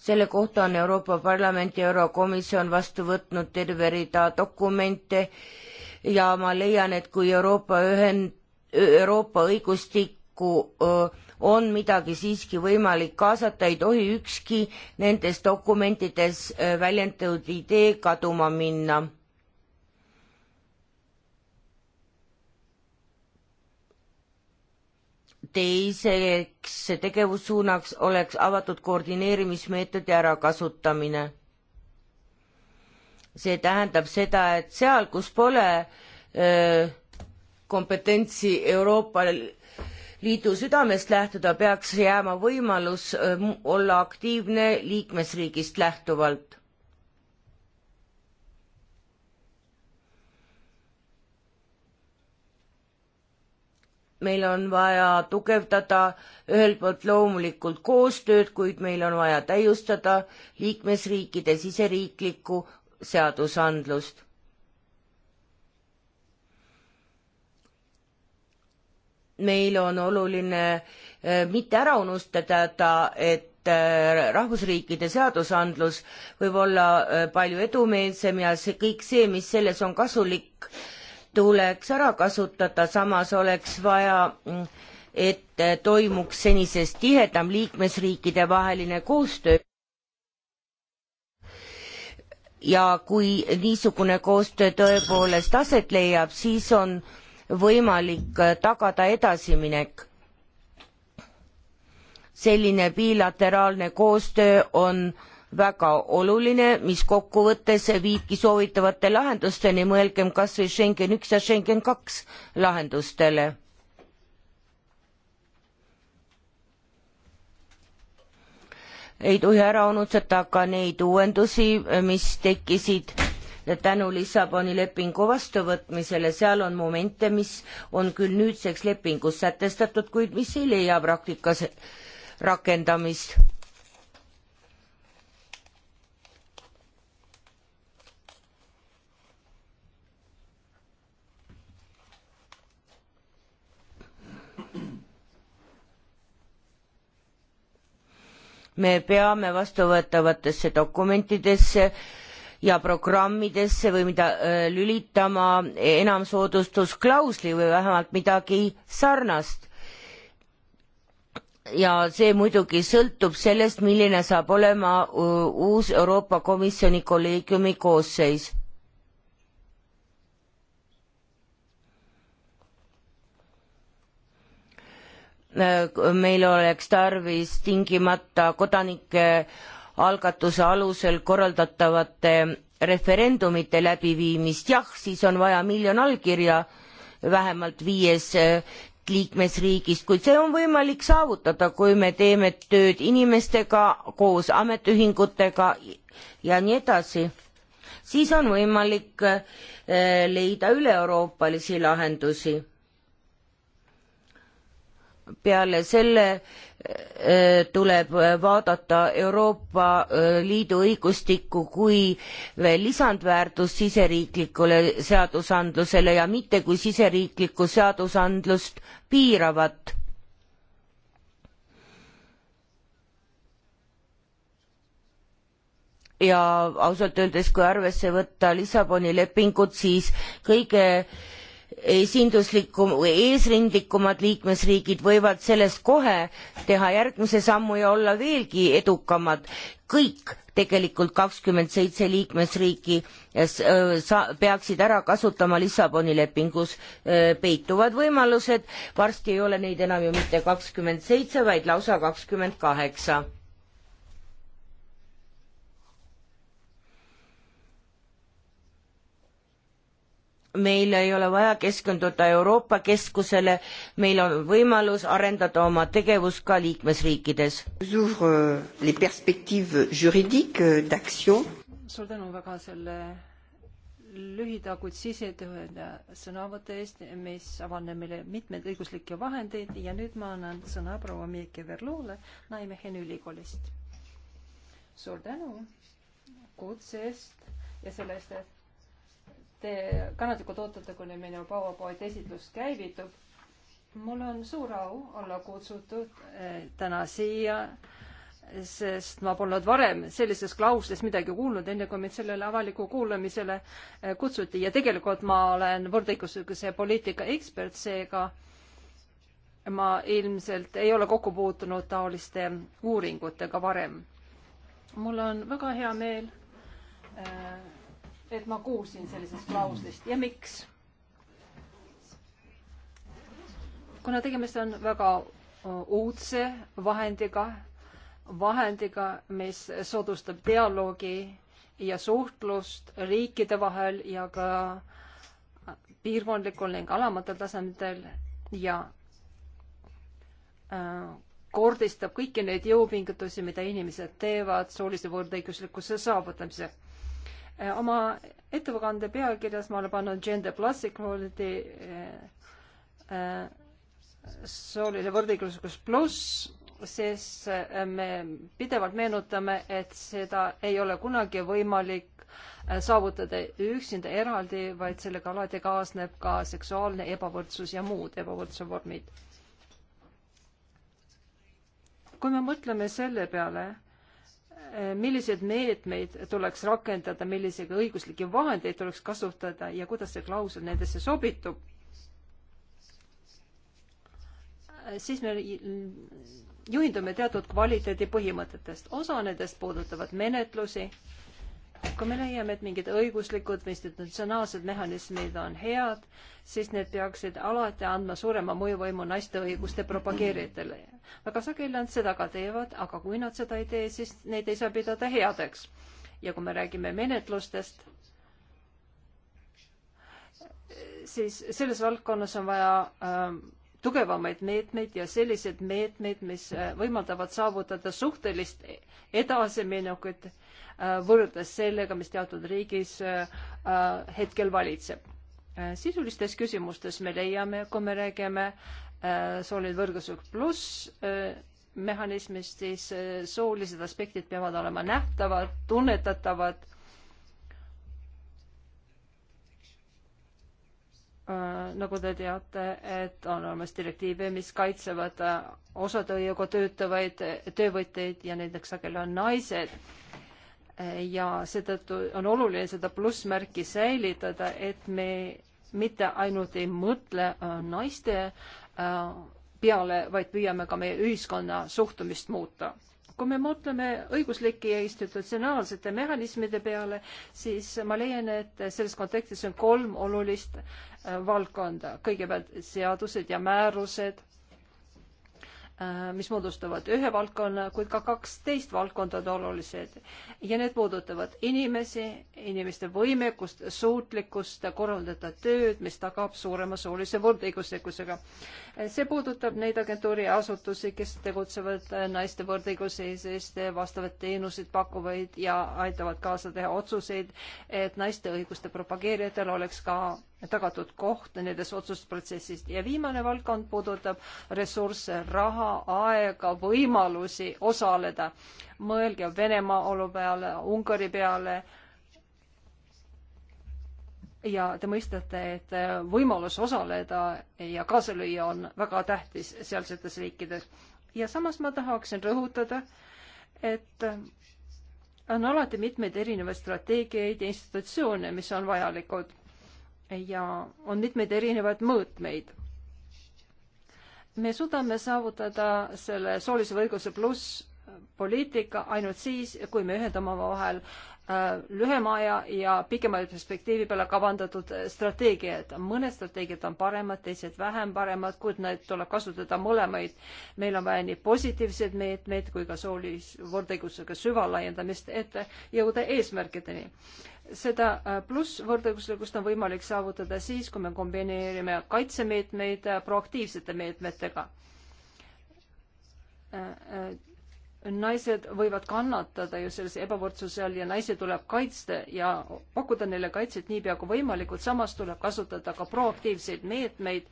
selle kohta on Euroopa Parlament ja Eurokomisjon vastu võtnud terve rida dokumente ja ma leian, et kui Euroopa ühend, Euroopa õigustik kokku on midagi siiski võimalik kaasata, ei tohi ükski nendes dokumentides väljendatud idee kaduma minna. teiseks tegevussuunaks oleks avatud koordineerimismeetodi ärakasutamine. see tähendab seda, et seal, kus pole öö, kompetentsi Euroopa Liidu südamest lähtuda, peaks jääma võimalus äh, olla aktiivne liikmesriigist lähtuvalt. meil on vaja tugevdada ühelt poolt loomulikult koostööd, kuid meil on vaja täiustada liikmesriikide siseriiklikku seadusandlust. meil on oluline eh, mitte ära unustada, et eh, rahvusriikide seadusandlus võib olla eh, palju edumeelsem ja see kõik see, mis selles on kasulik, tuleks ära kasutada, samas oleks vaja, mm, et toimuks senisest tihedam liikmesriikide vaheline koostöö. ja kui niisugune koostöö tõepoolest aset leiab, siis on äh, võimalik äh, tagada edasiminek. selline bilateraalne koostöö on väga oluline, mis kokkuvõttes viibki soovitavate lahendusteni, mõelgem kas või Schengen üks ja Schengen kaks lahendustele. ei tohi ära unustada ka neid uuendusi, mis tekkisid tänu Lissaboni lepingu vastuvõtmisele, seal on momente, mis on küll nüüdseks lepingus sätestatud, kuid mis ei leia praktikas rakendamist. me peame vastuvõetavatesse dokumentidesse ja programmidesse või mida äh, lülitama enamsoodustusklausli või vähemalt midagi sarnast. ja see muidugi sõltub sellest, milline saab olema äh, uus Euroopa Komisjoni kolleegiumi koosseis äh, meil oleks tarvis tingimata kodanike algatuse alusel korraldatavate referendumite läbiviimist, jah, siis on vaja miljon allkirja vähemalt viies äh, liikmesriigist, kuid see on võimalik saavutada, kui me teeme tööd inimestega, koos ametiühingutega ja nii edasi. siis on võimalik äh, leida üle-euroopalisi lahendusi. peale selle äh, Äh, tuleb vaadata Euroopa äh, Liidu õigustikku kui veel lisandväärtust siseriiklikule seadusandlusele ja mitte kui siseriiklikku seadusandlust piiravat. ja ausalt öeldes, kui arvesse võtta Lissaboni lepingut, siis kõige äh, esinduslikum või eesrindlikumad liikmesriigid võivad sellest kohe teha järgmise sammu ja olla veelgi edukamad. kõik tegelikult kakskümmend seitse liikmesriiki äh, sa-, peaksid ära kasutama Lissaboni lepingus äh, peituvad võimalused, varsti ei ole neid enam ju mitte kakskümmend seitse, vaid lausa kakskümmend kaheksa meil ei ole vaja keskenduda Euroopa keskusele, meil on võimalus arendada oma tegevust ka liikmesriikides. Euh, euh, suur tänu väga selle lühida, kuid sisetõhenda sõnavõtu eest, mis avaneb meile mitmeid õiguslikke vahendeid ja nüüd ma annan sõna proua Miike Verloole Naimeheni ülikoolist. suur tänu kutse eest ja selle eest, et te kannatlikult ootate, kuni minu PowerPoint esitlus käivitub. mul on suur au olla kutsutud eh, täna siia, sest ma polnud varem sellisest klauslist midagi kuulnud, enne kui mind sellele avaliku kuulamisele eh, kutsuti ja tegelikult ma olen võrdõiguslikkuse poliitika ekspert, seega ma ilmselt ei ole kokku puutunud taoliste uuringutega varem. mul on väga hea meel äh, et ma kuulsin sellisest klauslist ja miks? kuna tegemist on väga uudse vahendiga, vahendiga, mis soodustab dialoogi ja suhtlust riikide vahel ja ka piirkondlikul ning alamatel tasanditel ja kordistab kõiki neid jõupingutusi, mida inimesed teevad soolise võrdõiguslikkuse saavutamisel Eh, oma ettekande pealkirjas ma olen pannud Gender Plus Equality eh, eh, sooline võrdõiguslikkus pluss, sest me pidevalt meenutame, et seda ei ole kunagi võimalik saavutada üksinda eraldi, vaid sellega alati kaasneb ka seksuaalne ebavõrdsus ja muud ebavõrdsuse vormid. kui me mõtleme selle peale, milliseid meetmeid tuleks rakendada, milliseid õiguslikke vahendeid tuleks kasutada ja kuidas see klausel nendesse sobitub, siis me juhindume teatud kvaliteedi põhimõtetest. osa nendest puudutavad menetlusi kui me leiame, et mingid õiguslikud või institutsionaalsed mehhanismid on head, siis need peaksid alati andma suurema mõjuvõimu naiste õiguste propageerijatele. väga sageli nad seda ka teevad, aga kui nad seda ei tee, siis neid ei saa pidada headeks. ja kui me räägime menetlustest, siis selles valdkonnas on vaja äh, tugevamaid meetmeid ja selliseid meetmeid, mis äh, võimaldavad saavutada suhtelist e-, edasiminekut äh, Äh, võrreldes sellega, mis teatud riigis äh, äh, hetkel valitseb. sisulistes küsimustes me leiame, kui me räägime soolid võrgustik pluss mehhanismist, siis soolised aspektid peavad olema nähtavad, tunnetatavad nagu te teate, et on olemas direktiive, mis kaitsevad osatööjõuga töötavaid töövõtjaid ja nendeks sageli on naised ja seetõttu on oluline seda plussmärki säilitada, et me mitte ainult ei mõtle äh, naiste äh, peale, vaid püüame ka meie ühiskonna suhtumist muuta. kui me mõtleme õiguslike ja institutsionaalsete mehhanismide peale, siis ma leian, et selles kontekstis on kolm olulist äh, valdkonda. kõigepealt seadused ja määrused Äh, mis moodustavad ühe valdkonna, kuid ka kaksteist valdkonda on olulised ja need puudutavad inimesi, inimeste võimekust, suutlikkust korraldada tööd, mis tagab suurema soolise võrdõiguslikkusega. see puudutab neid agentuuri asutusi, kes tegutsevad naiste võrdõiguse eest, vastavaid teenuseid pakuvaid ja aitavad kaasa teha otsuseid, et naiste õiguste propageerijatel oleks ka tagatud koht nendes otsustusprotsessis ja viimane valdkond puudutab ressursse, raha, aega, võimalusi osaleda. mõelge Venemaa olu peale, Ungari peale. ja te mõistate, et võimalus osaleda ja kaasa lüüa on väga tähtis sealsetes riikides. ja samas ma tahaksin rõhutada, et on alati mitmeid erinevaid strateegiaid ja institutsioone, mis on vajalikud ja on mitmeid erinevaid mõõtmeid. me suudame saavutada selle soolise võigluse pluss poliitika ainult siis, kui me ühendame omavahel äh, lühema aja ja pikema perspektiivi peale kavandatud strateegiad. mõned strateegiad on paremad, teised vähem paremad, kuid neid tuleb kasutada mõlemaid. meil on vaja nii positiivseid meetmeid meet, kui ka soolise võrdõigusega süvalaiendamist, et jõuda eesmärkideni äh, seda äh, pluss võrdõiguslikkust on võimalik saavutada siis, kui me kombineerime kaitsemeetmeid proaktiivsete meetmetega. Äh, äh, naised võivad kannatada ju selles ebavõrdsuse all ja naisi tuleb kaitsta ja pakkuda neile kaitset niipea kui võimalik, kuid samas tuleb kasutada ka proaktiivseid meetmeid,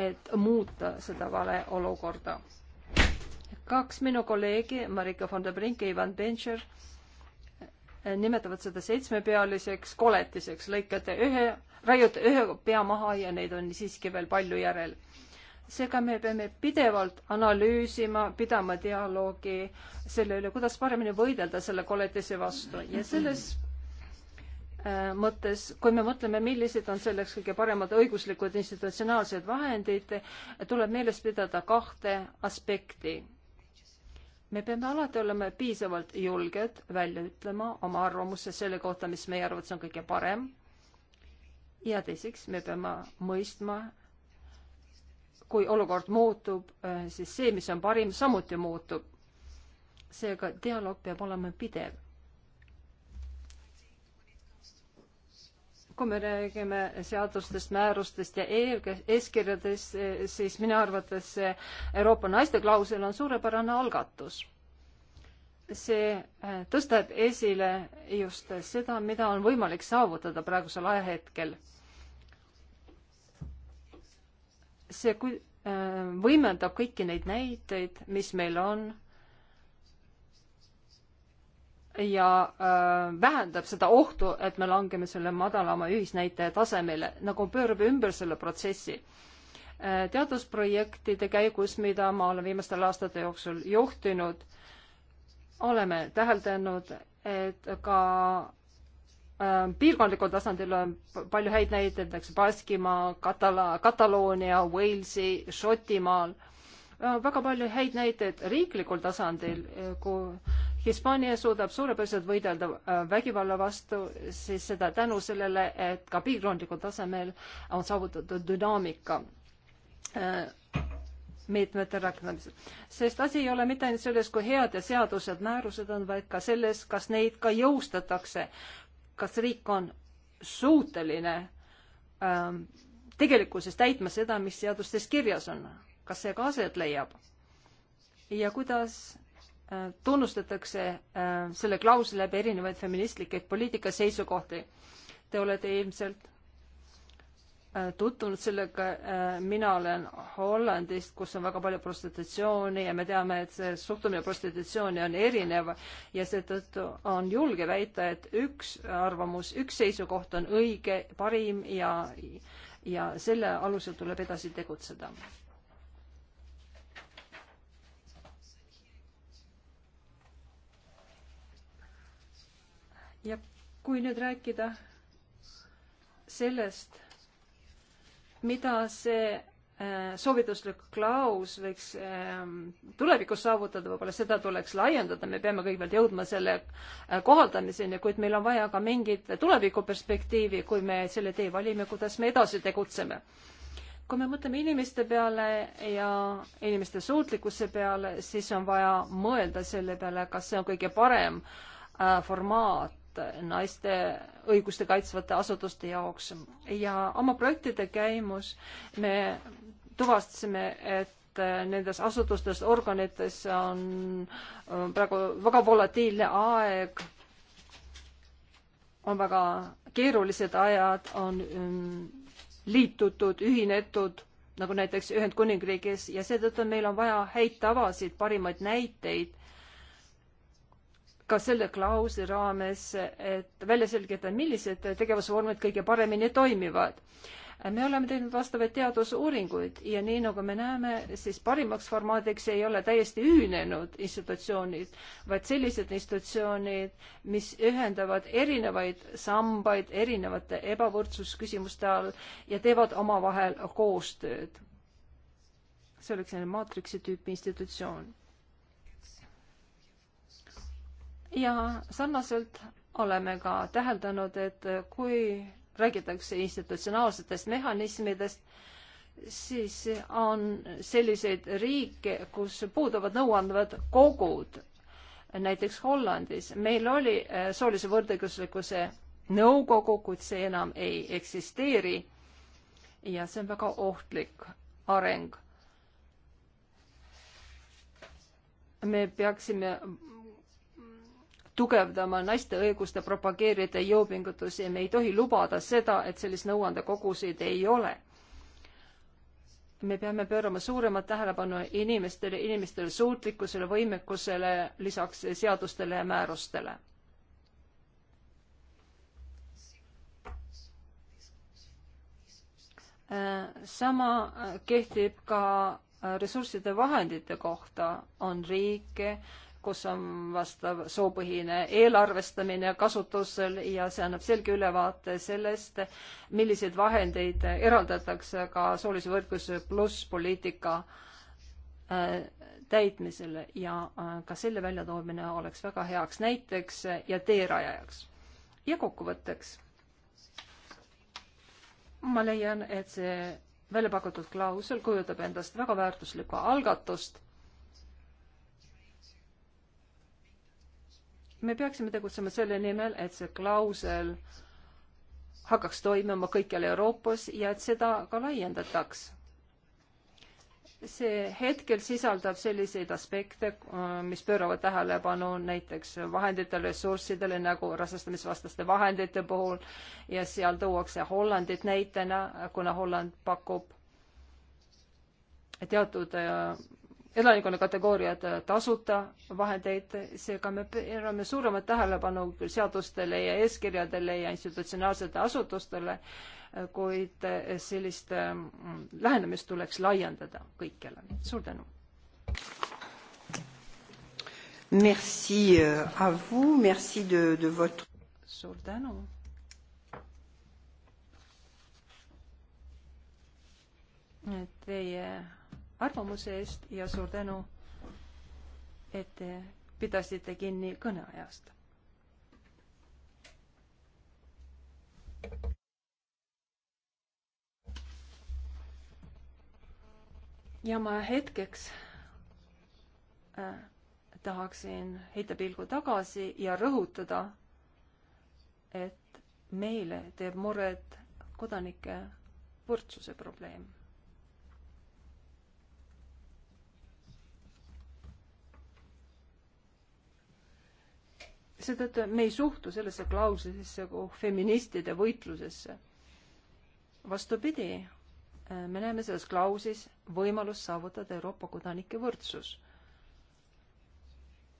et muuta seda vale olukorda. kaks minu kolleegi, Marika von der Brink ja Ivan Bencher nimetavad seda seitsmepealiseks koletiseks, lõikate ühe, raiute ühe pea maha ja neid on siiski veel palju järel. seega me peame pidevalt analüüsima, pidama dialoogi selle üle, kuidas paremini võidelda selle koletise vastu ja selles äh, mõttes, kui me mõtleme, millised on selleks kõige paremad õiguslikud institutsionaalsed vahendid, tuleb meeles pidada kahte aspekti me peame alati olema piisavalt julged välja ütlema oma arvamuse selle kohta, mis meie arvates on kõige parem. ja teiseks, me peame mõistma, kui olukord muutub, eh, siis see, mis on parim, samuti muutub. seega dialoog peab olema pidev kui me räägime seadustest, määrustest ja eeskirjadest, siis minu arvates see Euroopa naisteklausel on suurepärane algatus. see äh, tõstab esile just seda, mida on võimalik saavutada praegusel ajahetkel. see kui, äh, võimendab kõiki neid näiteid, mis meil on ja äh, vähendab seda ohtu, et me langeme selle madalama ühisnäitaja tasemele, nagu pöörab ümber selle protsessi äh,. teadusprojektide käigus, mida ma olen viimastel aastate jooksul juhtinud, oleme täheldanud, et ka äh, piirkondlikul tasandil on palju häid näiteid, näiteks Baskimaa, Katala, Kataloonia, Walesi, Šotimaal äh,, väga palju häid näiteid riiklikul tasandil äh,, kui Hispaania suudab suurepäraselt võidelda äh, vägivalla vastu, siis seda tänu sellele, et ka piirkondlikul tasemel on saavutatud dünaamika äh, meetmete rakendamisel. sest asi ei ole mitte ainult selles, kui head ja seadused, määrused on, vaid ka selles, kas neid ka jõustatakse. kas riik on suuteline ähm, tegelikkuses täitma seda, mis seadustes kirjas on, kas see ka aset leiab? ja kuidas tunnustatakse äh, selle klausli läbi erinevaid feministlikke poliitika seisukohti. Te olete ilmselt äh, tutvunud sellega, äh, mina olen Hollandist, kus on väga palju prostitutsiooni ja me teame, et see suhtumine prostitutsiooni on erinev ja seetõttu on julge väita, et üks arvamus, üks seisukoht on õige, parim ja, ja selle alusel tuleb edasi tegutseda ja kui nüüd rääkida sellest, mida see äh, soovituslik klaus võiks ähm, tulevikus saavutada, võib-olla seda tuleks laiendada, me peame kõigepealt jõudma selle äh, kohaldamiseni, kuid meil on vaja ka mingit tulevikuperspektiivi, kui me selle tee valime, kuidas me edasi tegutseme. kui me mõtleme inimeste peale ja inimeste suutlikkuse peale, siis on vaja mõelda selle peale, kas see on kõige parem äh, formaat just naiste õiguste kaitsvate asutuste jaoks ja oma projektide käimus me tuvastasime, et nendes asutustes, organites on äh, praegu väga volatiilne aeg, on väga keerulised ajad, on ähm, liitutud, ühinetud, nagu näiteks Ühendkuningriigis ja seetõttu meil on vaja häid tavasid, parimaid näiteid ka selle klausli raames, et välja selgitada, millised tegevusvormid kõige paremini toimivad. me oleme teinud vastavaid teadusuuringuid ja nii nagu me näeme, siis parimaks formaadiks ei ole täiesti ühinenud institutsioonid, vaid sellised institutsioonid, mis ühendavad erinevaid sambaid erinevate ebavõrdsusküsimuste all ja teevad omavahel koostööd. see oleks selline maatriksi tüüpi institutsioon ja sarnaselt oleme ka täheldanud, et kui räägitakse institutsionaalsetest mehhanismidest, siis on selliseid riike, kus puuduvad nõuandvad kogud. näiteks Hollandis meil oli eh, soolise võrdõiguslikkuse nõukogu, kuid see enam ei eksisteeri. ja see on väga ohtlik areng. me peaksime tugevdama naiste õiguste propageerida jõupingutusi, me ei tohi lubada seda, et sellist nõuandekogusid ei ole me peame pöörama suuremat tähelepanu inimestele, inimestele suutlikkusele, võimekusele, lisaks seadustele ja määrustele sama kehtib ka ressursside vahendite kohta, on riike, kus on vastav soopõhine eelarvestamine kasutusel ja see annab selge ülevaate sellest, milliseid vahendeid eraldatakse ka soolise võrdluse pluss poliitika äh, täitmisele ja äh, ka selle väljatoomine oleks väga heaks näiteks ja teerajajaks. ja kokkuvõtteks ma leian, et see välja pakutud klausel kujutab endast väga väärtuslikku algatust me peaksime tegutsema selle nimel, et see klausel hakkaks toimima kõikjal Euroopas ja et seda ka laiendataks. see hetkel sisaldab selliseid aspekte, mis pööravad tähelepanu näiteks vahenditele, ressurssidele nagu rasestamisvastaste vahendite puhul ja seal tuuakse Hollandit näitena, kuna Holland pakub teatud elanikkonna kategooriad äh, tasuta vahendeid, seega me pöörame suuremat tähelepanu küll seadustele ja eeskirjadele ja institutsionaalsetele asutustele, äh, kuid äh, sellist lähenemist tuleks laiendada kõikjale. suur tänu! Merci euh, à vous, merci de, de votre... Suur tänu! Teie arvamuse eest ja suur tänu, et te pidasite kinni kõneajast. ja ma hetkeks äh, tahaksin heita pilgu tagasi ja rõhutada, et meile teeb muret kodanike võrdsuse probleem seetõttu me ei suhtu sellesse klauslisesse kui feministide võitlusesse. vastupidi, äh, me näeme selles klauslis võimalust saavutada Euroopa kodanike võrdsus.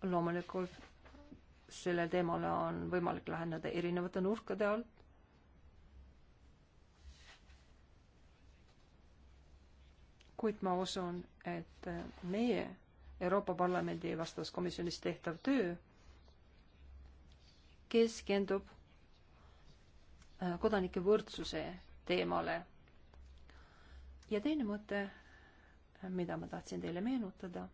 loomulikult sellele teemale on võimalik läheneda erinevate nurkade alt. kuid ma usun, et äh, meie Euroopa Parlamendi vastavas komisjonis tehtav töö keskendub äh, kodanike võrdsuse teemale. ja teine mõte, äh, mida ma tahtsin teile meenutada,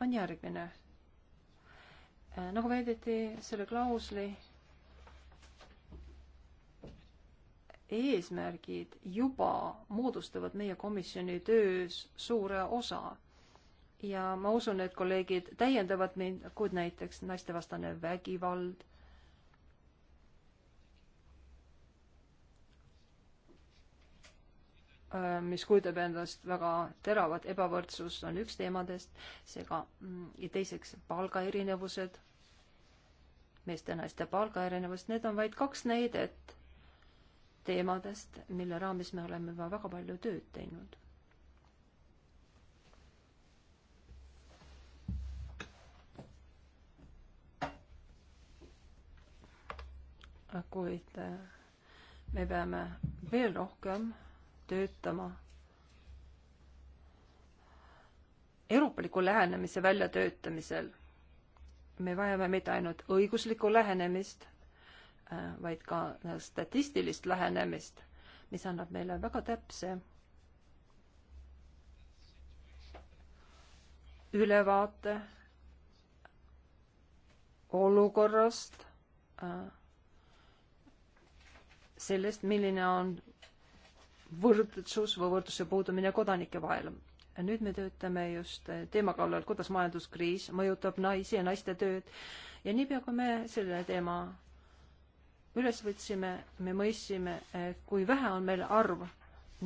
on järgmine. Äh, nagu väideti, selle klausli eesmärgid juba moodustavad meie komisjoni töös suure osa ja ma usun, et kolleegid täiendavad mind, kuid näiteks naistevastane vägivald. Äh, mis kujutab endast väga teravat ebavõrdsust, on üks teemadest, seega mm, ja teiseks palgaerinevused, meeste ja naiste palgaerinevused, need on vaid kaks näidet teemadest, mille raames me oleme juba väga palju tööd teinud kuid äh, me peame veel rohkem töötama euroopaliku lähenemise väljatöötamisel. me vajame mitte ainult õiguslikku lähenemist, äh, vaid ka äh, statistilist lähenemist, mis annab meile väga täpse ülevaate olukorrast sellest, milline on võrdsus või võrdsuse puudumine kodanike vahel. nüüd me töötame just teema kallal, kuidas majanduskriis mõjutab naisi ja naiste tööd ja niipea, kui me selle teema üles võtsime, me mõistsime, kui vähe on meil arv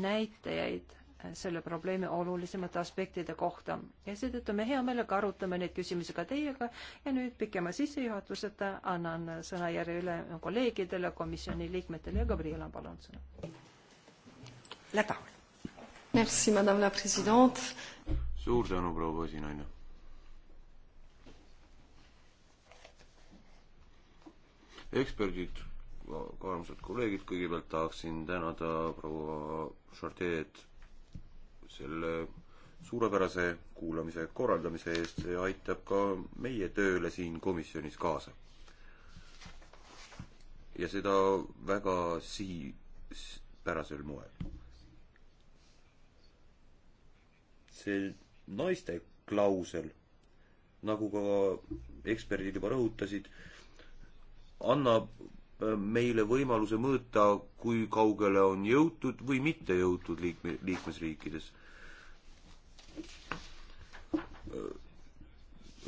näitajaid selle probleemi olulisemate aspektide kohta ja seetõttu me hea meelega arutame neid küsimusi ka teiega ja nüüd pikema sissejuhatuseta annan sõnajärje üle kolleegidele, komisjoni liikmetele ja Gabriela, palun sõna. Merci, madame la présidente. suur tänu, proua esinaine. eksperdid, armsad kolleegid, kõigepealt tahaksin tänada proua Chartier'd selle suurepärase kuulamise korraldamise eest, see aitab ka meie tööle siin komisjonis kaasa. ja seda väga sihipärasel moel. see naiste klausel, nagu ka eksperdid juba rõhutasid, annab äh, meile võimaluse mõõta, kui kaugele on jõutud või mitte jõutud liikme, liikmesriikides Äh,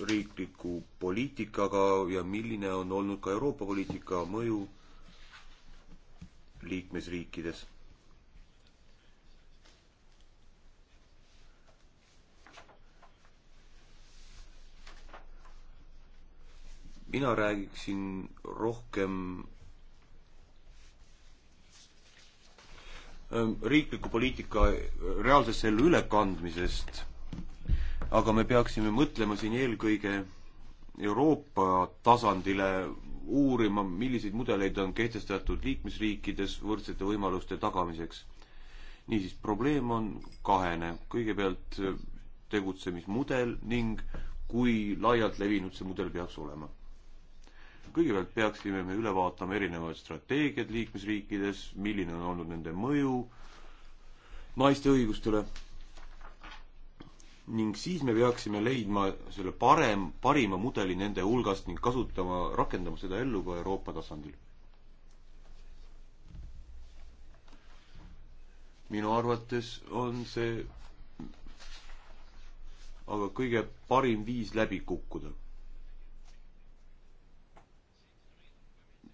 riikliku poliitikaga ja milline on olnud ka Euroopa poliitika mõju liikmesriikides? mina räägiksin rohkem ähm, riikliku poliitika reaalsesse ellu ülekandmisest aga me peaksime mõtlema siin eelkõige Euroopa tasandile, uurima, milliseid mudeleid on kehtestatud liikmesriikides võrdsete võimaluste tagamiseks. niisiis, probleem on kahene. kõigepealt tegutsemismudel ning kui laialt levinud see mudel peaks olema. kõigepealt peaksime me üle vaatama erinevad strateegiad liikmesriikides, milline on olnud nende mõju naiste õigustele ning siis me peaksime leidma selle parem, parima mudeli nende hulgast ning kasutama, rakendama seda ellu ka Euroopa tasandil. minu arvates on see aga kõige parim viis läbi kukkuda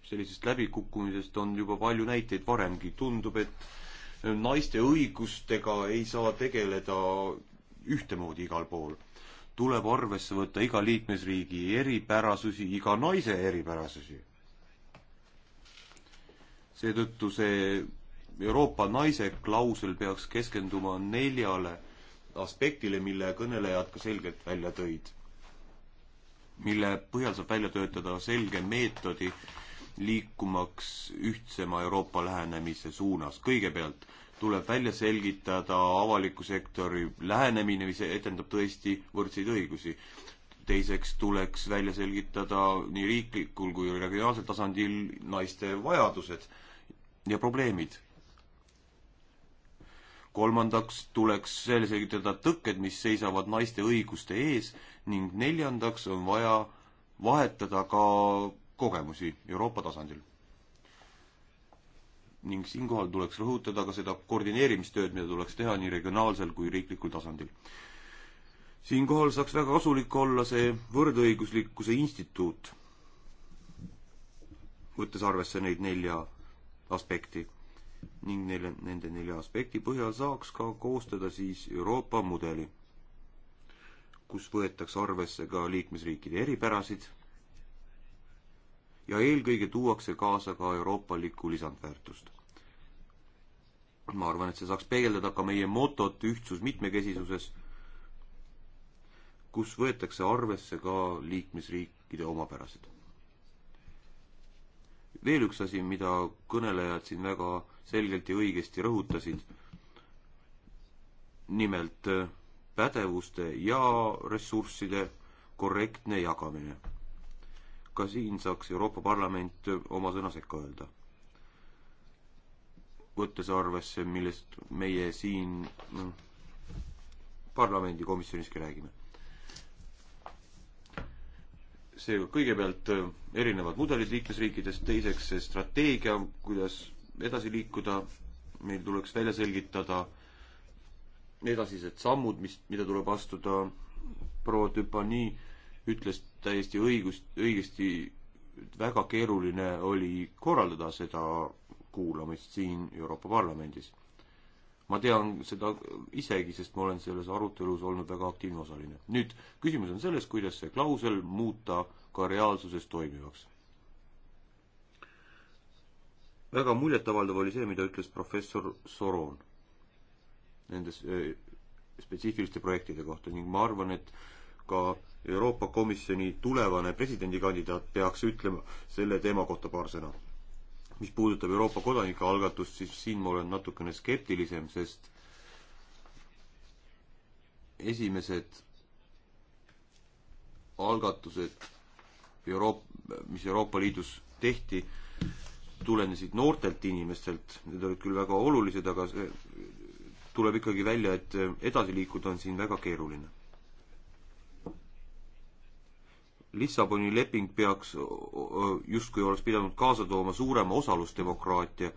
sellisest läbikukkumisest on juba palju näiteid varemgi. tundub, et naiste õigustega ei saa tegeleda ühtemoodi igal pool. tuleb arvesse võtta iga liikmesriigi eripärasusi, iga naise eripärasusi. seetõttu see Euroopa naise klausel peaks keskenduma neljale aspektile, mille kõnelejad ka selgelt välja tõid. mille põhjal saab välja töötada selge meetodi liikumaks ühtsema Euroopa lähenemise suunas. kõigepealt tuleb välja selgitada avaliku sektori lähenemine, mis etendab tõesti võrdseid õigusi. teiseks tuleks välja selgitada nii riiklikul kui regionaalsel tasandil naiste vajadused ja probleemid. kolmandaks tuleks välja selgitada tõkked, mis seisavad naiste õiguste ees ning neljandaks on vaja vahetada ka kogemusi Euroopa tasandil ning siinkohal tuleks rõhutada ka seda koordineerimistööd, mida tuleks teha nii regionaalsel kui riiklikul tasandil. siinkohal saaks väga kasulik olla see võrdõiguslikkuse instituut, võttes arvesse neid nelja aspekti ning neile, nende nelja aspekti põhjal saaks ka koostada siis Euroopa mudeli, kus võetakse arvesse ka liikmesriikide eripärasid ja eelkõige tuuakse kaasa ka euroopalikku lisandväärtust. ma arvan, et see saaks peegeldada ka meie motot ühtsus mitmekesisuses, kus võetakse arvesse ka liikmesriikide omapärased. veel üks asi, mida kõnelejad siin väga selgelt ja õigesti rõhutasid, nimelt pädevuste ja ressursside korrektne jagamine ka siin saaks Euroopa Parlament oma sõna sekka öelda. võttes arvesse, millest meie siin noh, parlamendikomisjoniski räägime. seega kõigepealt äh, erinevad mudelid liikmesriikides, teiseks see strateegia, kuidas edasi liikuda, meil tuleks välja selgitada edasised sammud, mis, mida tuleb astuda, proua Tüpani äh, ütles täiesti õigust, õigesti, väga keeruline oli korraldada seda kuulamist siin Euroopa Parlamendis. ma tean seda isegi, sest ma olen selles arutelus olnud väga aktiivne osaline. nüüd küsimus on selles, kuidas see klausel muuta ka reaalsuses toimivaks. väga muljetavaldav oli see, mida ütles professor Soron nendes eh, spetsiifiliste projektide kohta ning ma arvan, et ka Euroopa Komisjoni tulevane presidendikandidaat peaks ütlema selle teema kohta paar sõna. mis puudutab Euroopa kodanikualgatust, siis siin ma olen natukene skeptilisem, sest esimesed algatused Euroop-, mis Euroopa Liidus tehti, tulenesid noortelt inimestelt, need olid küll väga olulised, aga see tuleb ikkagi välja, et edasi liikuda on siin väga keeruline Lissaboni leping peaks justkui oleks pidanud kaasa tooma suurema osalusdemokraatia.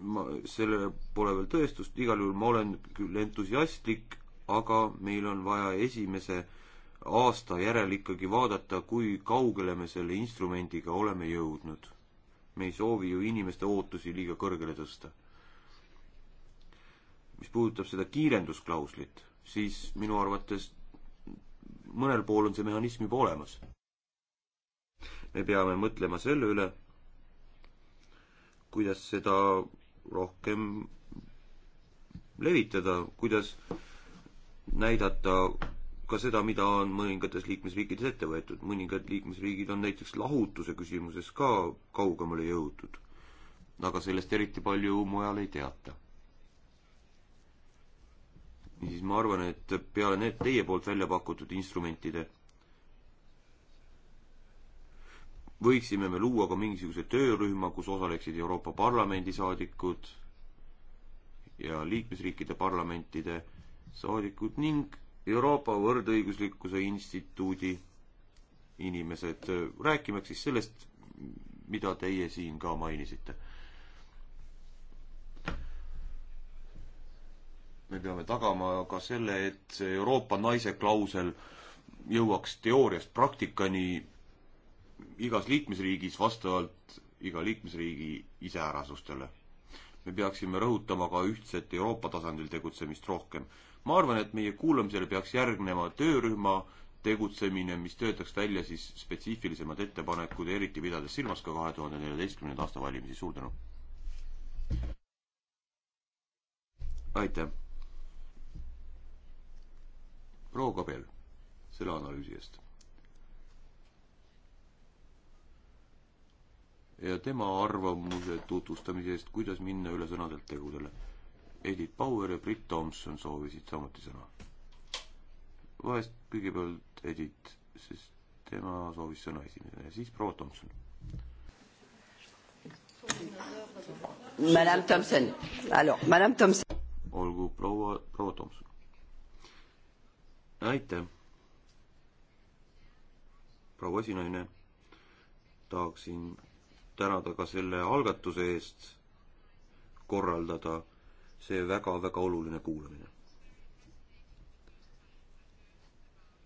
ma, sellele pole veel tõestust, igal juhul ma olen küll entusiastlik, aga meil on vaja esimese aasta järel ikkagi vaadata, kui kaugele me selle instrumendiga oleme jõudnud. me ei soovi ju inimeste ootusi liiga kõrgele tõsta. mis puudutab seda kiirendusklauslit, siis minu arvates mõnel pool on see mehhanism juba olemas. me peame mõtlema selle üle, kuidas seda rohkem levitada, kuidas näidata ka seda, mida on mõningates liikmesriikides ette võetud. mõningad liikmesriigid on näiteks lahutuse küsimuses ka kaugemale jõudnud. aga sellest eriti palju mujal ei teata niisiis ma arvan, et peale need teie poolt välja pakutud instrumentide võiksime me luua ka mingisuguse töörühma, kus osaleksid Euroopa Parlamendi saadikud ja liikmesriikide parlamentide saadikud ning Euroopa Võrdõiguslikkuse Instituudi inimesed, rääkimaks siis sellest, mida teie siin ka mainisite me peame tagama ka selle, et see Euroopa naise klausel jõuaks teooriast praktikani igas liikmesriigis vastavalt iga liikmesriigi iseärasustele. me peaksime rõhutama ka ühtset Euroopa tasandil tegutsemist rohkem. ma arvan, et meie kuulamisele peaks järgnema töörühma tegutsemine, mis töötaks välja siis spetsiifilisemad ettepanekud, eriti pidades silmas ka kahe tuhande neljateistkümnenda aasta valimisi. suur tänu! aitäh! proua Kabel selle analüüsi eest. ja tema arvamuse tutvustamise eest, kuidas minna üle sõnadelt tegudele. Edith Bauer ja Brit Tomson soovisid samuti sõna. vahest kõigepealt Edith, sest tema soovis sõna esimesena ja siis proua Tomson. Madame Tomson, alors, Madame Tomson. olgu proua, proua Tomson aitäh. proua esinaine, tahaksin tänada ka selle algatuse eest korraldada see väga-väga oluline kuulamine.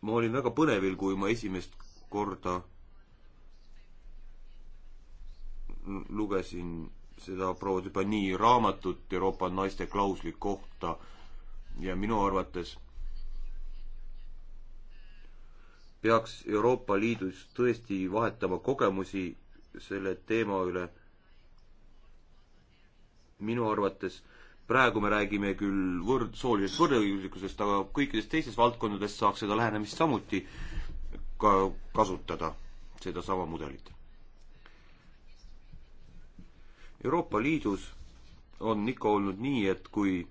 ma olin väga põnevil, kui ma esimest korda lugesin seda proua Tüpani raamatut Euroopa naiste klausli kohta ja minu arvates peaks Euroopa Liidus tõesti vahetama kogemusi selle teema üle. minu arvates praegu me räägime küll võrd, soolisest võrdõiguslikkusest, aga kõikides teistes valdkondades saaks seda lähenemist samuti ka kasutada, sedasama mudelit. Euroopa Liidus on ikka olnud nii, et kui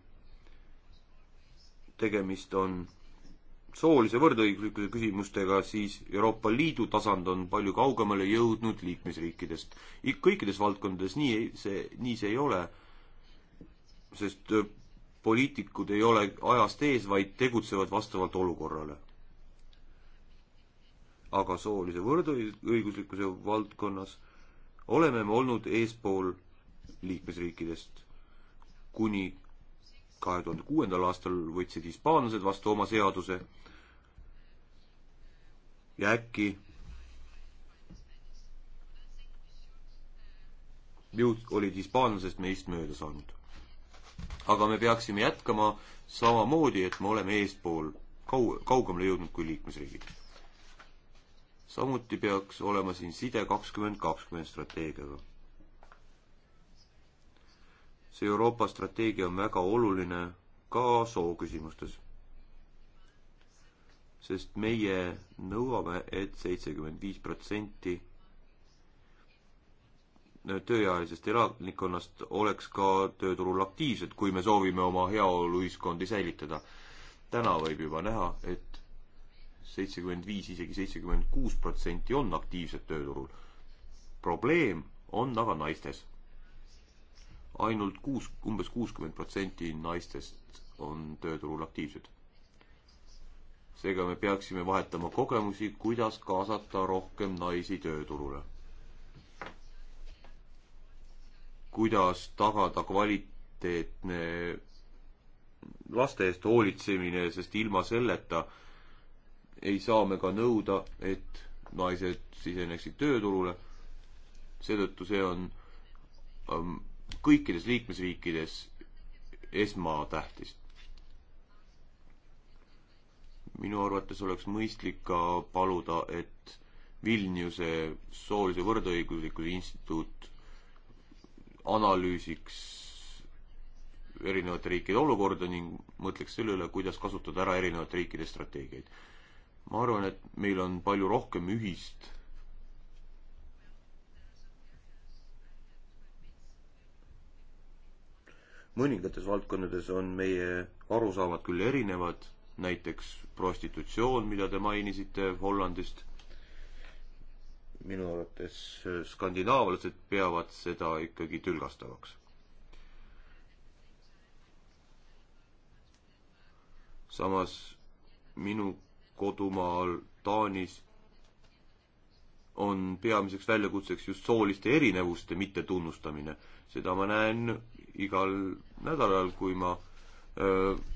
tegemist on soolise võrdõiguslikkuse küsimustega, siis Euroopa Liidu tasand on palju kaugemale jõudnud liikmesriikidest. kõikides valdkondades nii see, nii see ei ole, sest äh, poliitikud ei ole ajast ees, vaid tegutsevad vastavalt olukorrale. aga soolise võrdõiguslikkuse valdkonnas oleme me olnud eespool liikmesriikidest kuni kahe tuhande kuuendal aastal võtsid hispaanlased vastu oma seaduse ja äkki jõud olid hispaanlasest meist mööda saanud. aga me peaksime jätkama samamoodi, et me oleme eespool kau-, kaugemale jõudnud kui liikmesriigid. samuti peaks olema siin side kakskümmend kakskümmend strateegiaga. see Euroopa strateegia on väga oluline ka sooküsimustes sest meie nõuame et, et seitsekümmend viis protsenti tööealisest elanikkonnast oleks ka tööturul aktiivsed, kui me soovime oma heaoluühiskondi säilitada. täna võib juba näha et, et seitsekümmend viis, isegi seitsekümmend kuus protsenti on aktiivsed tööturul. probleem on aga naistes. ainult kuus, umbes kuuskümmend protsenti naistest on tööturul aktiivsed seega me peaksime vahetama kogemusi, kuidas kaasata rohkem naisi tööturule. kuidas tagada kvaliteetne laste eest hoolitsemine, sest ilma selleta ei saa me ka nõuda, et naised siseneksid tööturule. seetõttu see on ähm, kõikides liikmesriikides esmatähtis minu arvates oleks mõistlik ka paluda, et Vilniuse soolise võrdõiguslikkuse instituut analüüsiks erinevate riikide olukorda ning mõtleks selle üle, kuidas kasutada ära erinevate riikide strateegiaid. ma arvan, et meil on palju rohkem ühist mõningates valdkondades on meie arusaamad küll erinevad näiteks prostitutsioon, mida te mainisite Hollandist. minu arvates äh, skandinaavlased peavad seda ikkagi tülgastavaks. samas minu kodumaal Taanis on peamiseks väljakutseks just sooliste erinevuste mittetunnustamine. seda ma näen igal nädalal, kui ma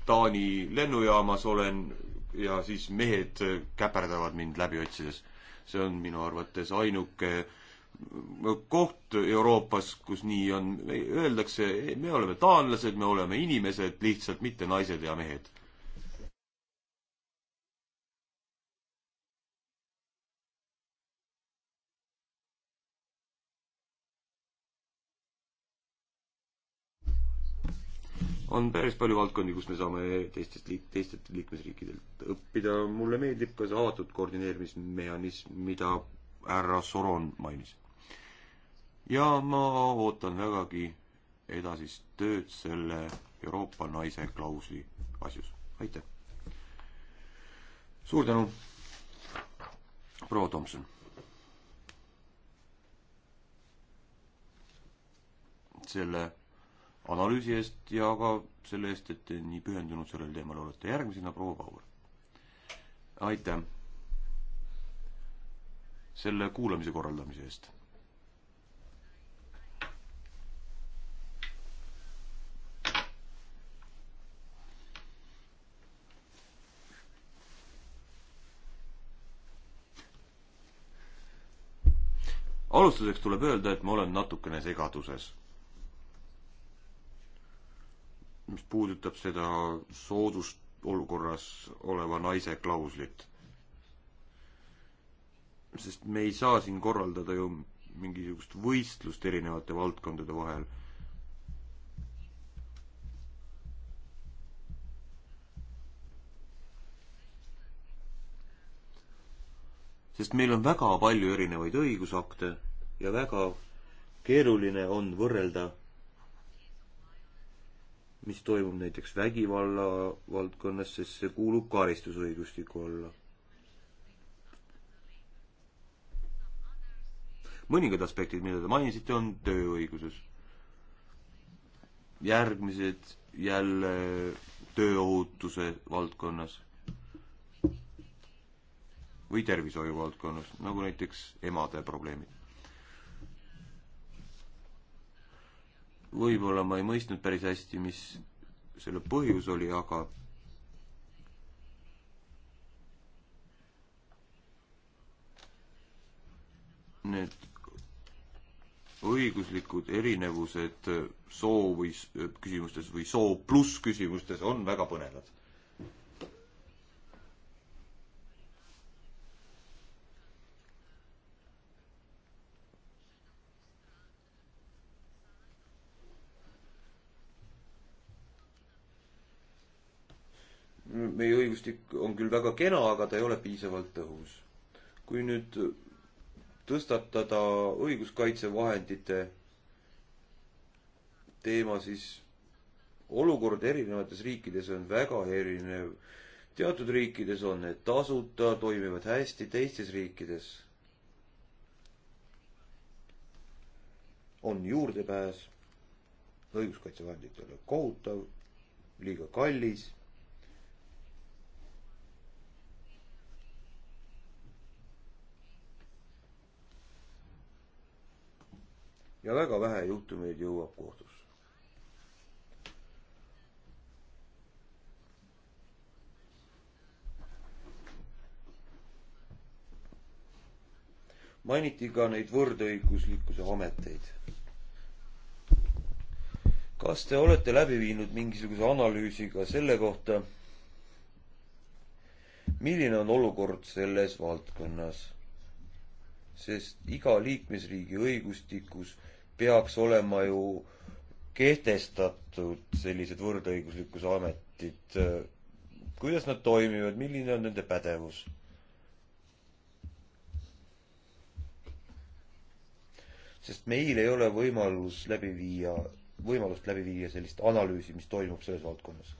Taani lennujaamas olen ja siis mehed käperdavad mind läbi otsides. see on minu arvates ainuke koht Euroopas, kus nii on, öeldakse, me oleme taanlased, me oleme inimesed lihtsalt, mitte naised ja mehed. on päris palju valdkondi, kus me saame teistest liik-, teistelt liikmesriikidelt õppida. mulle meeldib ka see avatud koordineerimismehhanism, mida härra Soron mainis. ja ma ootan vägagi edasist tööd selle Euroopa naise klausli asjus. aitäh! suur tänu, proua Tomson! selle analüüsi eest ja ka selle eest, et te nii pühendunud sellel teemal olete. järgmisena proua Paul. aitäh selle kuulamise korraldamise eest. alustuseks tuleb öelda, et ma olen natukene segaduses mis puudutab seda soodusolukorras oleva naise klauslit. sest me ei saa siin korraldada ju mingisugust võistlust erinevate valdkondade vahel. sest meil on väga palju erinevaid õigusakte ja väga keeruline on võrrelda mis toimub näiteks vägivalla valdkonnas, sest see kuulub karistusõigustiku alla. mõningad aspektid, mida te mainisite, on tööõiguses. järgmised jälle tööohutuse valdkonnas või tervishoiu valdkonnas, nagu näiteks emade probleemid. võib-olla ma ei mõistnud päris hästi, mis selle põhjus oli, aga need õiguslikud erinevused soo või küsimustes või soo pluss küsimustes on väga põnevad meie õigustik on küll väga kena, aga ta ei ole piisavalt tõhus. kui nüüd tõstatada õiguskaitsevahendite teema, siis olukord erinevates riikides on väga erinev. teatud riikides on need tasuta, toimivad hästi, teistes riikides on juurdepääs õiguskaitsevahenditele kohutav, liiga kallis ja väga vähe juhtumeid jõuab kohtusse. mainiti ka neid võrdõiguslikkuse ameteid. kas te olete läbi viinud mingisuguse analüüsi ka selle kohta, milline on olukord selles valdkonnas? sest iga liikmesriigi õigustikus peaks olema ju kehtestatud sellised võrdõiguslikkuse ametid. kuidas nad toimivad, milline on nende pädevus? sest meil ei ole võimalus läbi viia, võimalust läbi viia sellist analüüsi, mis toimub selles valdkonnas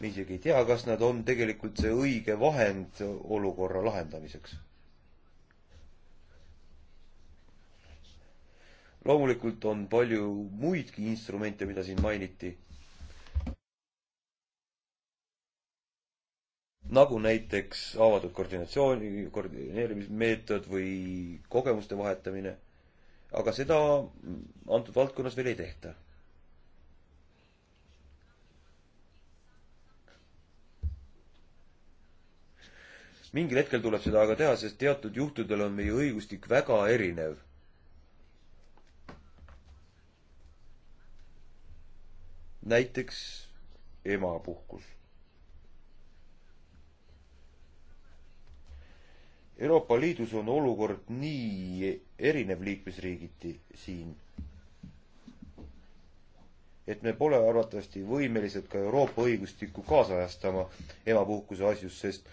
me isegi ei tea, kas nad on tegelikult see õige vahend olukorra lahendamiseks. loomulikult on palju muidki instrumente, mida siin mainiti. nagu näiteks avatud koordinatsiooni, koordineerimismeetod või kogemuste vahetamine. aga seda antud valdkonnas veel ei tehta mingil hetkel tuleb seda aga teha, sest teatud juhtudel on meie õigustik väga erinev. näiteks emapuhkus. Euroopa Liidus on olukord nii erinev liikmesriigiti siin, et me pole arvatavasti võimelised ka Euroopa õigustikku kaasajastama emapuhkuse asjus, sest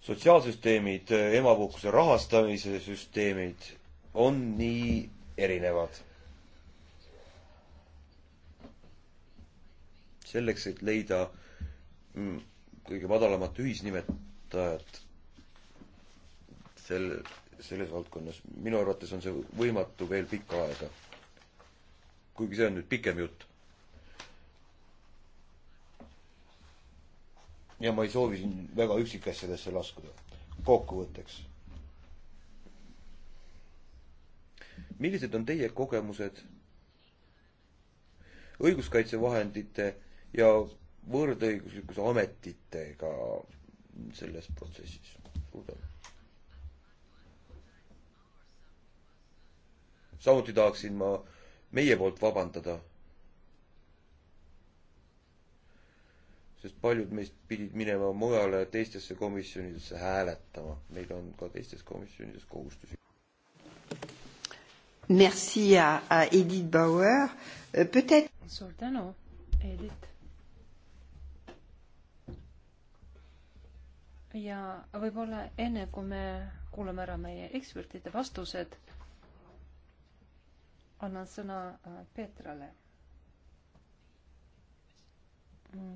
sotsiaalsüsteemid, emapuhkuse rahastamise süsteemid on nii erinevad. selleks, et leida mm, kõige madalamat ühisnimetajat sel, selles valdkonnas, minu arvates on see võimatu veel pikka aega. kuigi see on nüüd pikem jutt ja ma ei soovi siin väga üksikasjadesse laskuda. kokkuvõtteks. millised on teie kogemused õiguskaitsevahendite ja võrdõiguslikkuse ametitega selles protsessis? suur tänu. samuti tahaksin ma meie poolt vabandada sest paljud meist pidid minema mujale teistesse komisjonidesse hääletama. meil on ka teistes komisjonides kohustusi. Merci à, à Edith Bauer. Euh, Peut-être. Suur tänu, Edith. ja võib-olla enne, kui me kuulame ära meie ekspertide vastused, annan sõna äh, Peetrale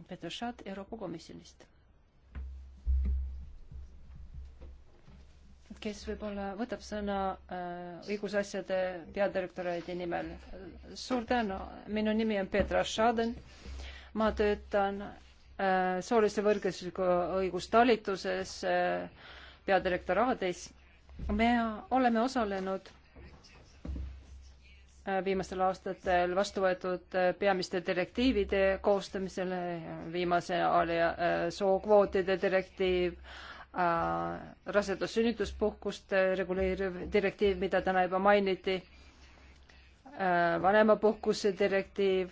Peter Schat Euroopa Komisjonist. kes võib-olla võtab sõna äh, õigusasjade peadirektoraadi nimel. suur tänu, minu nimi on Petra Šaden, ma töötan äh, soolise võrgusliku õigustalituses äh, peadirektoraadis. me oleme osalenud äh, Äh, viimastel aastatel vastu võetud äh, peamiste direktiivide koostamisele, viimase oli äh, sookvootide direktiiv, rasedus-sünnituspuhkust reguleeriv direktiiv, mida täna juba mainiti, vanemapuhkuse direktiiv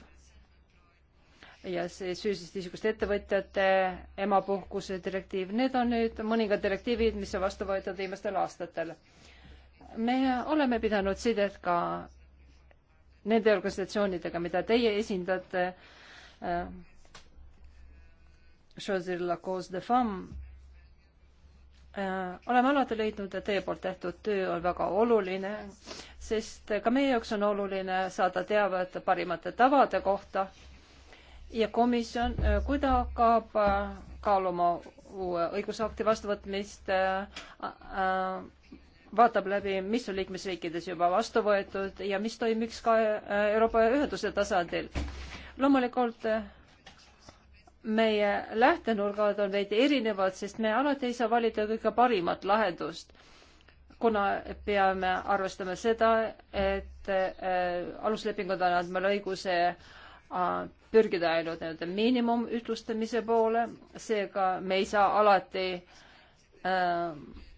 ja siis füüsiliste isikust ettevõtjate emapuhkuse direktiiv, need on nüüd mõningad direktiivid, mis on vastu võetud viimastel aastatel. me oleme pidanud sidet ka nende organisatsioonidega, mida teie esindate äh,. Choisir la cause de femme äh,. oleme alati leidnud, et teie poolt tehtud töö on väga oluline, sest ka meie jaoks on oluline saada teavet parimate tavade kohta ja komisjon, äh, kui ta hakkab äh, kaaluma uue õigusakti vastuvõtmist äh,, äh vaatab läbi, mis on liikmesriikides juba vastu võetud ja mis toimiks ka äh, Euroopa Ühenduse tasandil. loomulikult äh, meie lähtenurgad on veidi erinevad, sest me alati ei saa valida kõige parimat lahendust, kuna peame arvestama seda, et äh, aluslepingud annavad meile õiguse pürgida ainult nii-öelda miinimum ühtlustamise poole, seega me ei saa alati äh,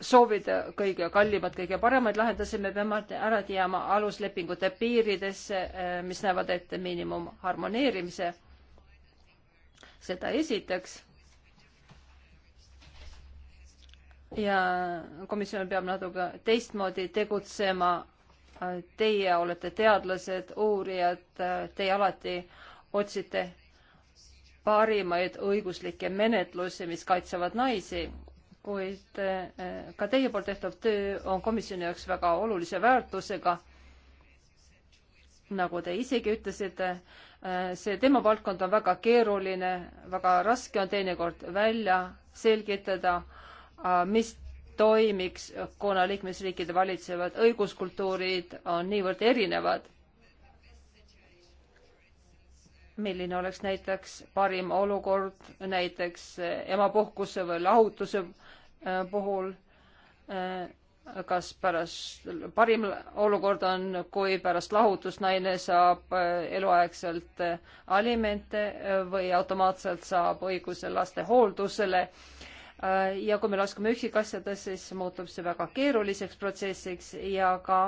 soovida kõige kallimat, kõige paremaid lahendusi, me peame ära teama aluslepingute piiridesse, mis näevad ette miinimumharmoneerimise. seda esiteks. ja komisjon peab natuke teistmoodi tegutsema. Teie olete teadlased, uurijad, teie alati otsite parimaid õiguslikke menetlusi, mis kaitsevad naisi kuid eh, ka teie poolt tehtav töö on komisjoni jaoks väga olulise väärtusega. nagu te isegi ütlesite, eh, see teemavaldkond on väga keeruline, väga raske on teinekord välja selgitada, ah, mis toimiks, kuna liikmesriikide valitsevad õiguskultuurid on niivõrd erinevad. milline oleks näiteks parim olukord näiteks eh, emapuhkuse või lahutuse Äh, puhul, äh, kas pärast, parim olukord on, kui pärast lahutust naine saab äh, eluaegselt alimente või automaatselt saab õiguse laste hooldusele. ja kui me laskume üksikasjadesse, siis muutub see väga keeruliseks protsessiks ja ka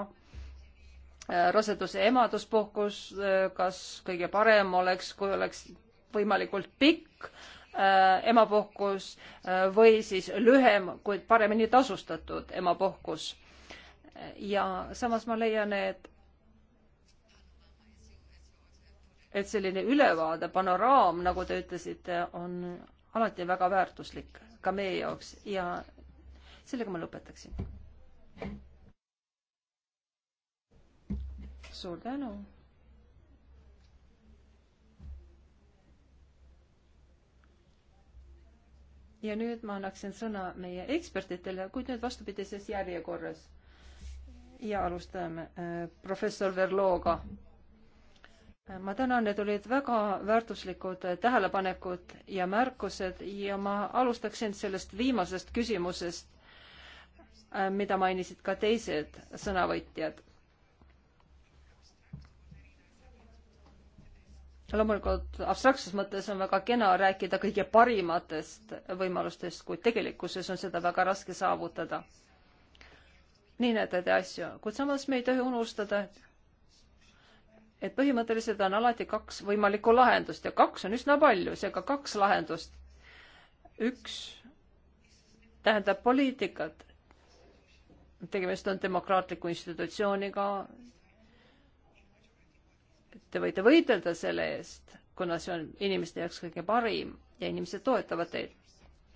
raseduse emaduspuhkus, kas kõige parem oleks, kui oleks võimalikult pikk Äh, emapuhkus äh, või siis lühem, kuid paremini tasustatud emapuhkus. ja samas ma leian, et et selline ülevaade, panoraam, nagu te ütlesite, on alati väga väärtuslik ka meie jaoks ja sellega ma lõpetaksin. suur tänu ja nüüd ma annaksin sõna meie ekspertidele, kuid nüüd vastupidises järjekorras. ja alustame äh, professor Verlooga. Äh, ma tänan, need olid väga väärtuslikud äh, tähelepanekud ja märkused ja ma alustaksin sellest viimasest küsimusest, mida mainisid ka teised sõnavõtjad loomulikult abstraktses mõttes on väga kena rääkida kõige parimatest võimalustest, kuid tegelikkuses on seda väga raske saavutada. nii näete te asju, kuid samas me ei tohi unustada, et põhimõtteliselt on alati kaks võimalikku lahendust ja kaks on üsna palju, seega ka kaks lahendust. üks tähendab poliitikat, tegemist on demokraatliku institutsiooniga, Te võite võidelda selle eest, kuna see on inimeste jaoks kõige parim ja inimesed toetavad teid.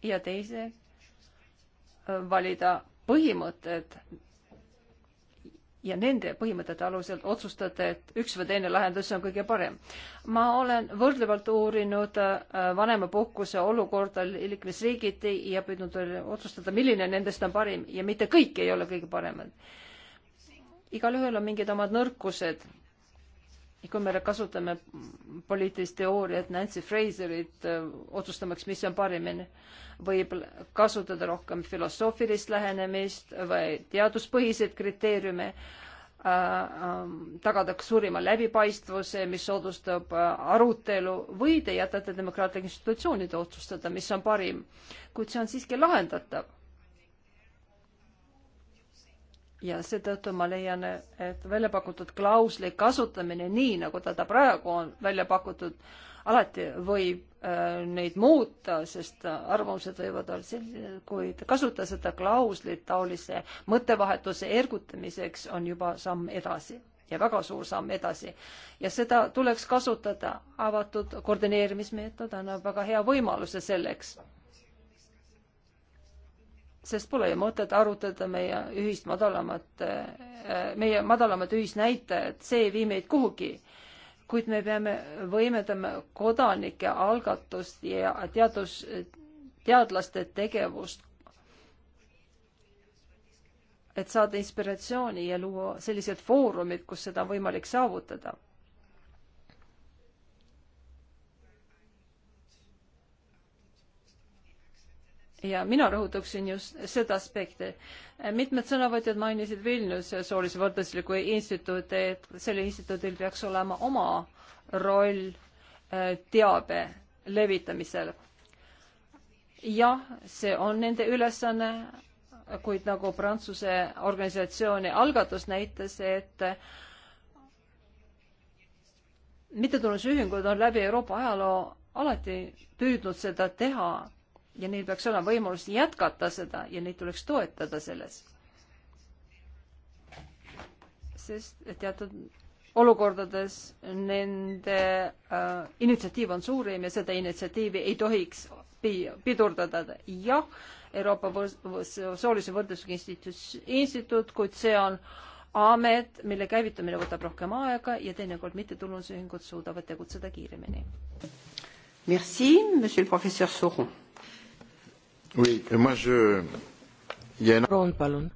ja teise, äh, valida põhimõtted ja nende põhimõtete alusel otsustate, et üks või teine lahendus on kõige parem. ma olen võrdlevalt uurinud äh, vanemapuhkuse olukorda liikmesriigiti ja püüdnud otsustada, milline nendest on parim ja mitte kõik ei ole kõige paremad. igalühel on mingid omad nõrkused kui me kasutame poliitilist teooriat Nancy Fraserit äh, otsustamaks, mis on parimini, võib kasutada rohkem filosoofilist lähenemist või teaduspõhiseid kriteeriume äh, äh, tagadaks suurima läbipaistvuse, mis soodustab arutelu või te jätate demokraatlike institutsioonide otsustada, mis on parim. kuid see on siiski lahendatav ja seetõttu ma leian, et välja pakutud klausli kasutamine nii, nagu teda praegu on välja pakutud, alati võib äh, neid muuta, sest arvamused võivad olla sellised, kuid kasuta seda klauslit taolise mõttevahetuse ergutamiseks on juba samm edasi ja väga suur samm edasi. ja seda tuleks kasutada, avatud koordineerimismeetod annab väga hea võimaluse selleks sest pole ju mõtet arutada meie ühist madalamat, meie madalamat ühisnäitajat, see ei vii meid kuhugi. kuid me peame võimendama kodanike algatust ja teadus, teadlaste tegevust, et saada inspiratsiooni ja luua sellised foorumid, kus seda on võimalik saavutada ja mina rõhutaksin just seda aspekti. mitmed sõnavõtjad mainisid Vilniuse soolise võrdlusliku instituuti, et sellel instituudil peaks olema oma roll äh, teabe levitamisel. jah, see on nende ülesanne, kuid nagu Prantsuse organisatsiooni algatus näitas, et äh, mittetulundusühingud on läbi Euroopa ajaloo alati püüdnud seda teha ja neil peaks olema võimalus jätkata seda ja neid tuleks toetada selles. sest teatud olukordades nende äh, initsiatiiv on suurim ja seda initsiatiivi ei tohiks pi-, pidurdada. jah, Euroopa Soolise Võrdlusega instituut, instituut, kuid see on amet, mille käivitamine võtab rohkem aega ja teinekord mittetulundusühingud suudavad tegutseda kiiremini. Merci, monsieur le professeur Sauron Roon, palun.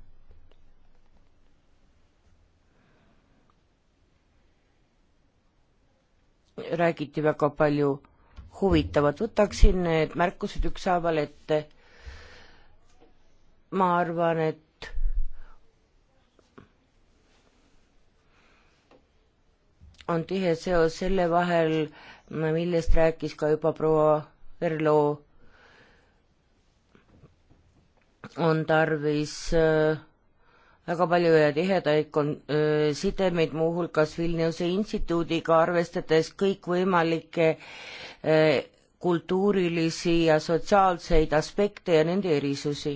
räägiti väga palju huvitavat, võtaksin need märkused ükshaaval ette. ma arvan, et on tihe seos selle vahel, millest rääkis ka juba proua Verloo on tarvis äh, väga palju ja tihedaid kon-, äh, sidemeid muuhulgas Vilniuse instituudiga, arvestades kõikvõimalikke äh, kultuurilisi ja sotsiaalseid aspekte ja nende erisusi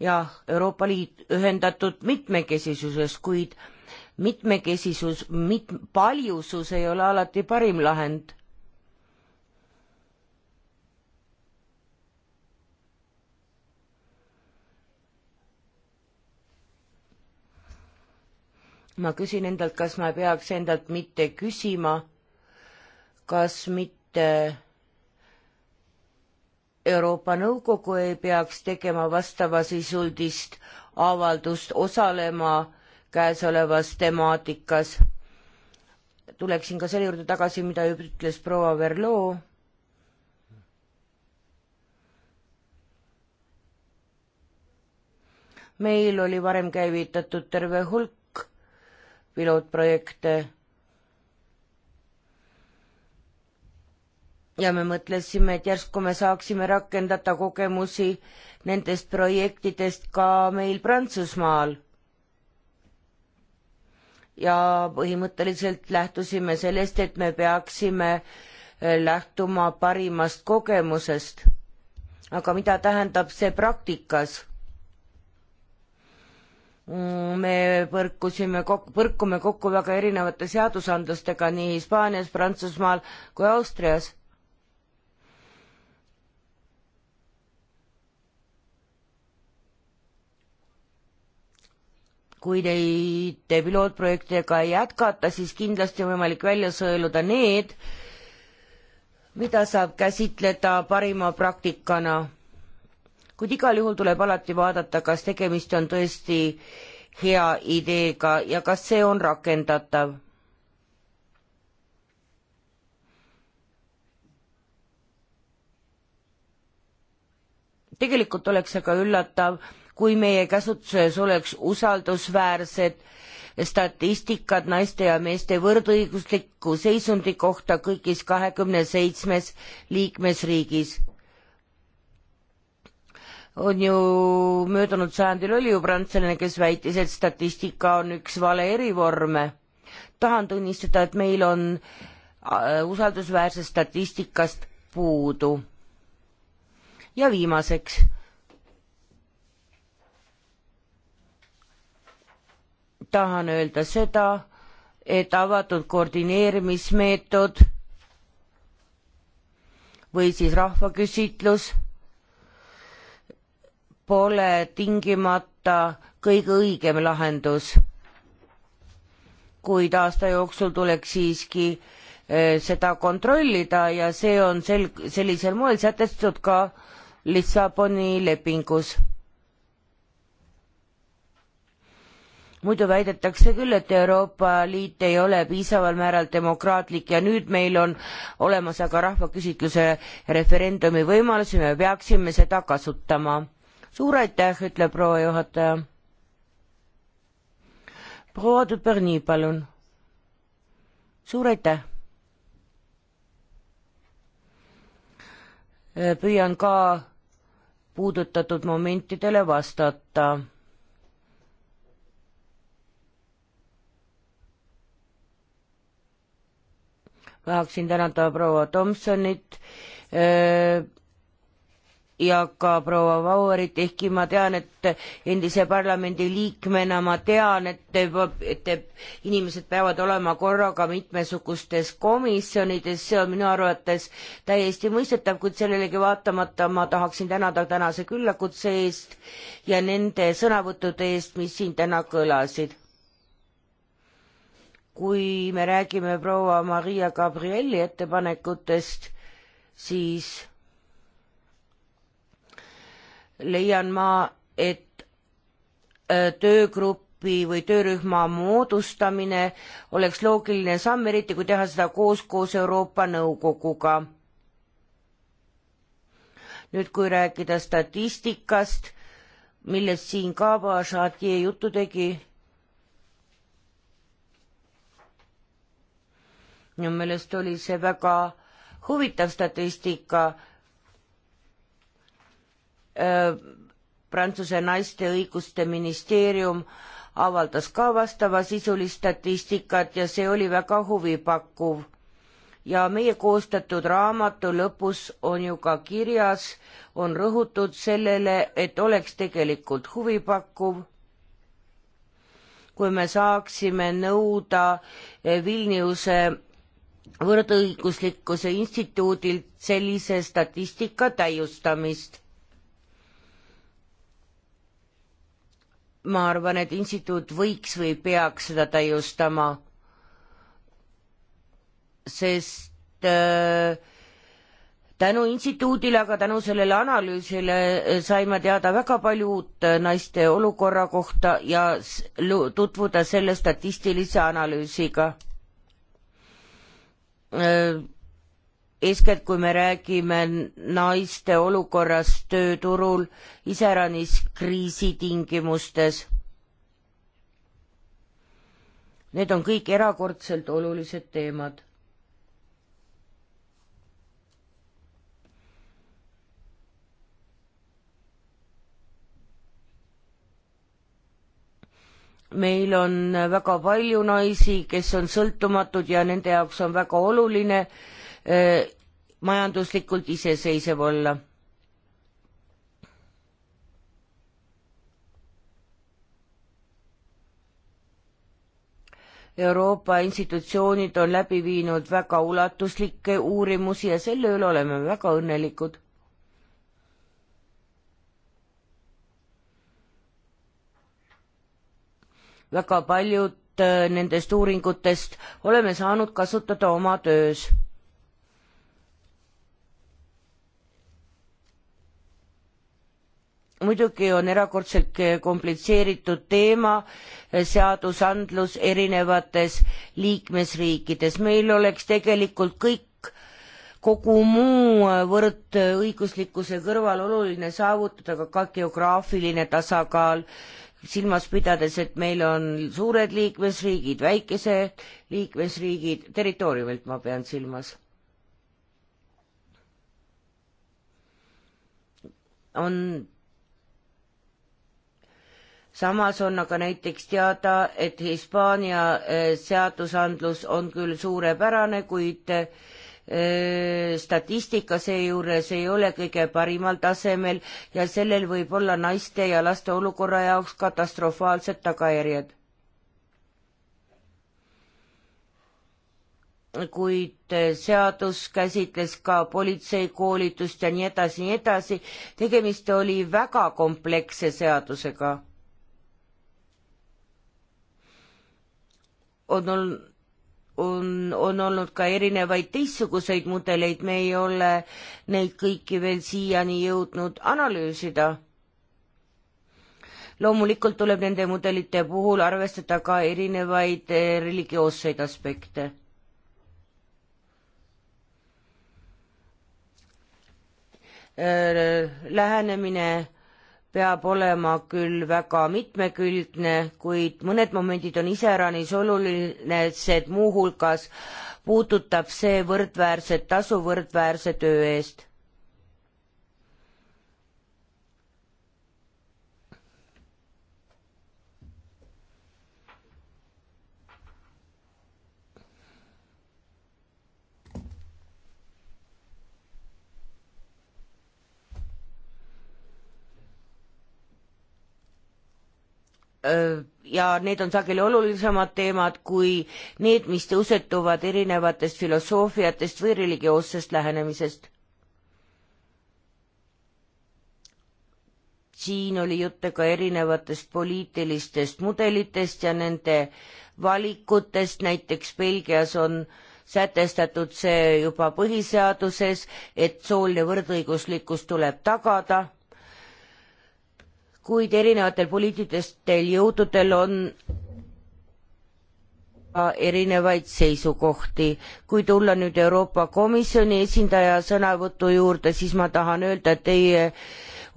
jah, Euroopa Liit ühendatud mitmekesisuses, kuid mitmekesisus, mit-, paljusus ei ole alati parim lahend. ma küsin endalt, kas ma ei peaks endalt mitte küsima, kas mitte Euroopa Nõukogu ei peaks tegema vastavasisaldist avaldust osalema käesolevas temaatikas. tuleksin ka selle juurde tagasi, mida ütles proua Verloo. meil oli varem käivitatud terve hulk pilootprojekte. ja me mõtlesime, et järsku me saaksime rakendada kogemusi nendest projektidest ka meil Prantsusmaal. ja põhimõtteliselt lähtusime sellest, et me peaksime eh, lähtuma parimast kogemusest. aga mida tähendab see praktikas? me põrkusime kok-, põrkume kokku väga erinevate seadusandlustega nii Hispaanias, Prantsusmaal kui Austrias. kui neid pilootprojektidega ei jätkata, siis kindlasti on võimalik välja sõeluda need, mida saab käsitleda parima praktikana kuid igal juhul tuleb alati vaadata, kas tegemist on tõesti hea ideega ja kas see on rakendatav. tegelikult oleks aga üllatav, kui meie käsutuses oleks usaldusväärsed statistikad naiste ja meeste võrdõigusliku seisundi kohta kõigis kahekümne seitsmes liikmesriigis on ju möödunud sajandil oli ju prantslane, kes väitis, et statistika on üks vale erivorme. tahan tunnistada, et meil on äh, usaldusväärsest statistikast puudu. ja viimaseks. tahan öelda seda, et avatud koordineerimismeetod või siis rahvaküsitlus pole tingimata kõige õigem lahendus, kuid aasta jooksul tuleks siiski eh, seda kontrollida ja see on sel-, sellisel moel sätestatud ka Lissaboni lepingus. muidu väidetakse küll, et Euroopa Liit ei ole piisaval määral demokraatlik ja nüüd meil on olemas aga rahvaküsitluse referendumi võimalus ja me peaksime seda kasutama suur aitäh, ütleb proua juhataja. proua Tüperni, palun. suur aitäh. püüan ka puudutatud momentidele vastata tahaksin tänada proua Tomsonit ja ka proua Vauerit, ehkki ma tean, et endise parlamendi liikmena ma tean, et te, et te, inimesed peavad olema korraga mitmesugustes komisjonides, see on minu arvates täiesti mõistetav, kuid sellelegi vaatamata ma tahaksin tänada tänase küllakutse eest ja nende sõnavõttude eest, mis siin täna kõlasid kui me räägime proua Maria Gabrieli ettepanekutest, siis leian ma, et äh, töögrupi või töörühma moodustamine oleks loogiline samm, eriti kui teha seda koos, koos Euroopa Nõukoguga. nüüd, kui rääkida statistikast, millest siin ka Bašatje juttu tegi, minu meelest oli see väga huvitav statistika Äh, Prantsuse naiste õiguste ministeerium avaldas ka vastavasisulist statistikat ja see oli väga huvipakkuv. ja meie koostatud raamatu lõpus on ju ka kirjas, on rõhutud sellele, et oleks tegelikult huvipakkuv, kui me saaksime nõuda eh, Vilniuse võrdõiguslikkuse instituudilt sellise statistika täiustamist ma arvan, et instituut võiks või peaks seda täiustama, sest äh, tänu instituudile, aga tänu sellele analüüsile äh, saime teada väga palju uut äh, naiste olukorra kohta ja tutvuda selle statistilise analüüsiga äh, eeskätt kui me räägime naiste olukorrast tööturul, iseäranis kriisitingimustes. Need on kõik erakordselt olulised teemad. meil on väga palju naisi, kes on sõltumatud ja nende jaoks on väga oluline äh, majanduslikult iseseisev olla. Euroopa institutsioonid on läbi viinud väga ulatuslikke uurimusi ja selle üle oleme väga õnnelikud väga paljud äh, nendest uuringutest oleme saanud kasutada oma töös. muidugi on erakordselt komplitseeritud teema seadusandlus erinevates liikmesriikides. meil oleks tegelikult kõik, kogu muu võrdõiguslikkuse kõrval oluline saavutada ka, ka geograafiline tasakaal, silmas pidades, et meil on suured liikmesriigid, väikesed liikmesriigid, territooriumilt ma pean silmas on samas on aga näiteks teada, et Hispaania äh, seadusandlus on küll suurepärane, kuid äh, statistika seejuures ei ole kõige parimal tasemel ja sellel võib olla naiste ja laste olukorra jaoks katastrofaalsed tagajärjed. kuid äh, seadus käsitles ka politseikoolitust ja nii edasi, nii edasi, tegemist oli väga kompleksse seadusega on olnud on, on olnud ka erinevaid teistsuguseid mudeleid, me ei ole neid kõiki veel siiani jõudnud analüüsida. loomulikult tuleb nende mudelite puhul arvestada ka erinevaid eh, religioosseid aspekte. Äh, lähenemine peab olema küll väga mitmekülgne, kuid mõned momendid on iseäranis oluline, see muuhulgas puudutab see võrdväärset tasu võrdväärse töö eest ja need on sageli olulisemad teemad kui need, mis tõusetuvad erinevatest filosoofiatest või religioossest lähenemisest. siin oli juttu ka erinevatest poliitilistest mudelitest ja nende valikutest, näiteks Belgias on sätestatud see juba põhiseaduses, et sooline võrdõiguslikkus tuleb tagada kuid erinevatel poliitilistel jõududel on erinevaid seisukohti. kui tulla nüüd Euroopa Komisjoni esindaja sõnavõtu juurde, siis ma tahan öelda, et teie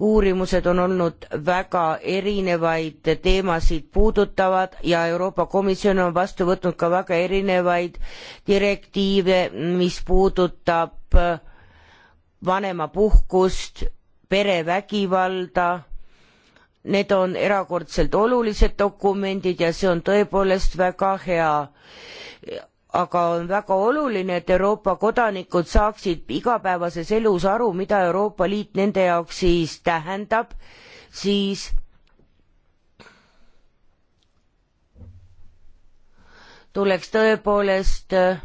uurimused on olnud väga erinevaid teemasid puudutavad ja Euroopa Komisjon on vastu võtnud ka väga erinevaid direktiive, mis puudutab vanemapuhkust, perevägivalda need on erakordselt olulised dokumendid ja see on tõepoolest väga hea aga on väga oluline et euroopa kodanikud saaksid igapäevases elus aru mida euroopa liit nende jaoks siis tähendab siis tuleks tõepoolest äh,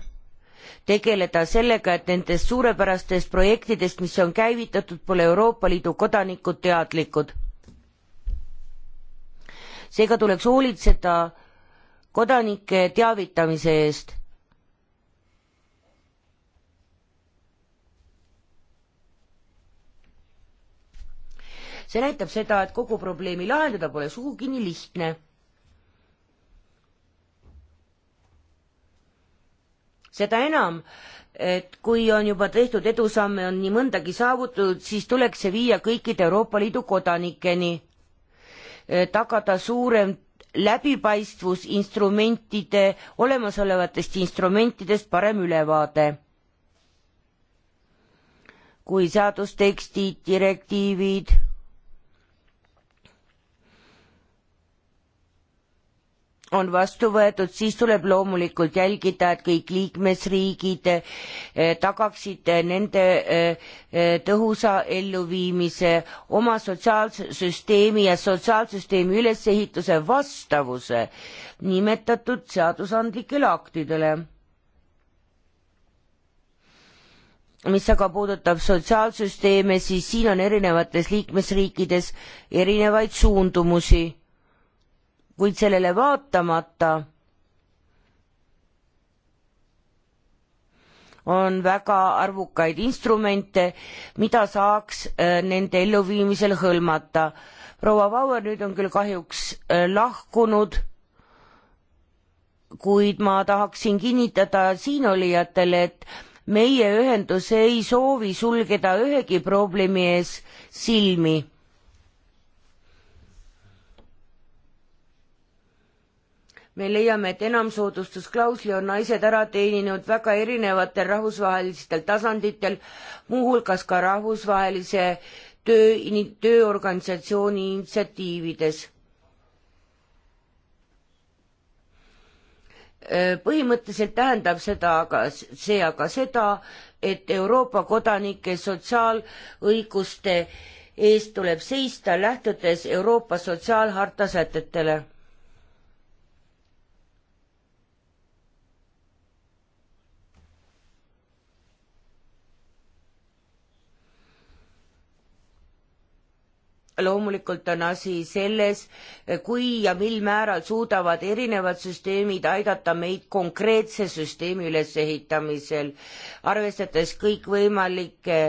tegeleda sellega et nendest suurepärastest projektidest mis on käivitatud pole euroopa liidu kodanikud teadlikud seega tuleks hoolitseda kodanike teavitamise eest. see näitab seda, et kogu probleemi lahendada pole sugugi nii lihtne. seda enam, et kui on juba tehtud edusamme, on nii mõndagi saavutatud, siis tuleks see viia kõikide Euroopa Liidu kodanikeni Eh, tagada suurem läbipaistvus instrumentide, olemasolevatest instrumentidest parem ülevaade. kui seadustekstid, direktiivid on vastu võetud, siis tuleb loomulikult jälgida, et kõik liikmesriigid eh, tagaksid nende eh, eh, tõhusa elluviimise, oma sotsiaalsüsteemi ja sotsiaalsüsteemi ülesehituse vastavuse nimetatud seadusandlikele aktidele. mis aga puudutab sotsiaalsüsteeme, siis siin on erinevates liikmesriikides erinevaid suundumusi kuid sellele vaatamata on väga arvukaid instrumente, mida saaks äh, nende elluviimisel hõlmata. proua Vauer nüüd on küll kahjuks äh, lahkunud, kuid ma tahaksin kinnitada siinolijatele, et meie ühendus ei soovi sulgeda ühegi probleemi ees silmi me leiame, et enamsoodustusklausli on naised ära teeninud väga erinevatel rahvusvahelistel tasanditel, muuhulgas ka rahvusvahelise töö, tööorganisatsiooni initsiatiivides. Äh, põhimõtteliselt tähendab seda aga, see aga seda, et Euroopa kodanike sotsiaalõiguste eest tuleb seista, lähtudes Euroopa sotsiaalharta sätetele loomulikult on asi selles, kui ja mil määral suudavad erinevad süsteemid aidata meid konkreetse süsteemi ülesehitamisel, arvestades kõikvõimalikke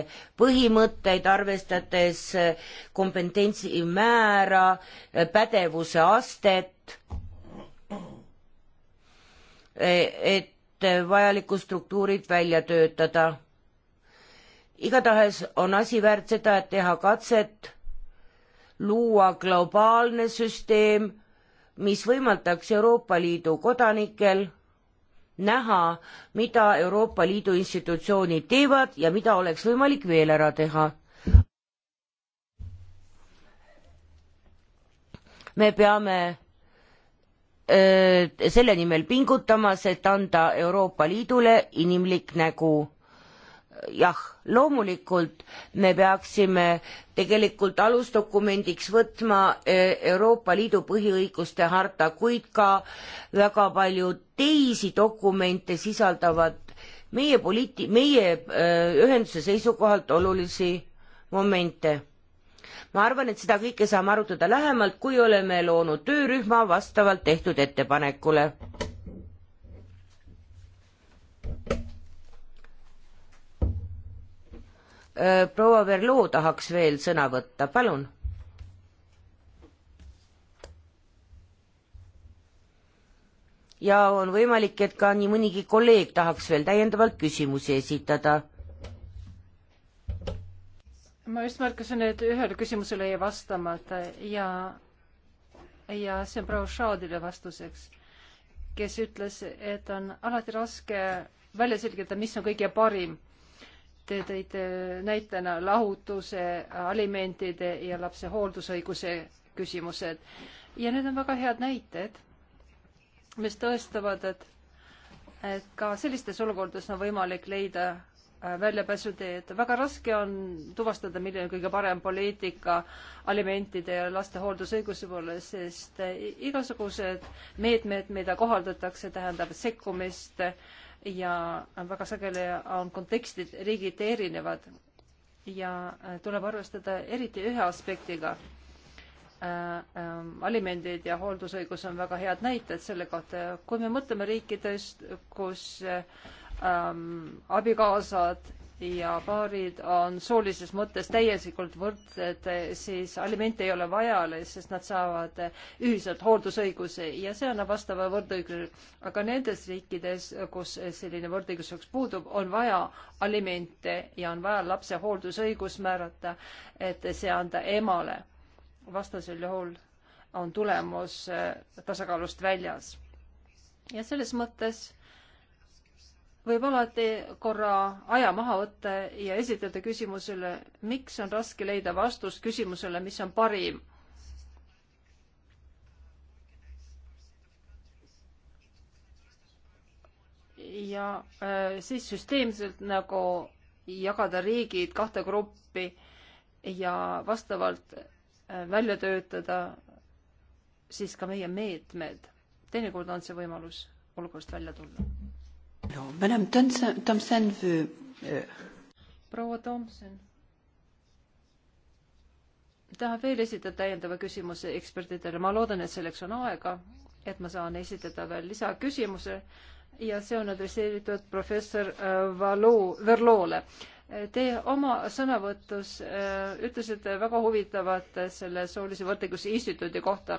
põhimõtteid, arvestades kompetentsi määra, pädevuse astet, et vajalikud struktuurid välja töötada. igatahes on asi väärt seda, et teha katset luua globaalne süsteem, mis võimaldaks Euroopa Liidu kodanikel näha, mida Euroopa Liidu institutsioonid teevad ja mida oleks võimalik veel ära teha. me peame öö, selle nimel pingutamas, et anda Euroopa Liidule inimlik nägu jah, loomulikult me peaksime tegelikult alusdokumendiks võtma e, Euroopa Liidu põhiõiguste harta, kuid ka väga palju teisi dokumente sisaldavad meie poliiti-, meie öö, e, ühenduse seisukohalt olulisi momente. ma arvan, et seda kõike saame arutada lähemalt, kui oleme loonud töörühma vastavalt tehtud ettepanekule. Äh, proua Verloo tahaks veel sõna võtta, palun. ja on võimalik, et ka nii mõnigi kolleeg tahaks veel täiendavalt küsimusi esitada. ma just märkasin, et ühele küsimusele jäi vastamata ja, ja see on proua Šaadile vastuseks, kes ütles, et on alati raske välja selgitada, mis on kõige parim Te tõite näitena lahutuse, alimentide ja lapse hooldusõiguse küsimused. ja need on väga head näited, mis tõestavad, et, et ka sellistes olukordades on võimalik leida äh, väljapääsuteed. väga raske on tuvastada, milline on kõige parem poliitika alimentide ja laste hooldusõiguse poole, sest äh, igasugused meetmed, mida kohaldatakse, tähendab sekkumist äh, ja väga sageli on kontekstid riigiti erinevad ja äh, tuleb arvestada eriti ühe aspektiga äh,. Äh, alimendid ja hooldusõigus on väga head näited selle kohta. kui me mõtleme riikidest, kus äh, ähm, abikaasad ja paarid on soolises mõttes täielikult võrdsed, siis alimente ei ole vaja, sest nad saavad ühiselt hooldusõiguse ja see annab vastava võrdõiguse. aga nendes riikides, kus selline võrdõiguslikkus puudub, on vaja alimente ja on vaja lapse hooldusõigus määrata, et see anda emale. vastasel juhul on tulemus eh, tasakaalust väljas. ja selles mõttes võib alati korra aja maha võtta ja esitada küsimusele, miks on raske leida vastus küsimusele, mis on parim. ja äh, siis süsteemselt nagu jagada riigid kahte gruppi ja vastavalt äh, välja töötada siis ka meie meetmed. teinekord on see võimalus olukorrast välja tulla Euh, proua Tomson tahan veel esitada täiendava küsimuse ekspertidele. ma loodan, et selleks on aega, et ma saan esitada veel lisaküsimuse ja see on adresseeritud professor äh, Valo, Verloole. Te oma sõnavõtus äh, ütlesite väga huvitavat selle soolise võrdõiguse instituudi kohta.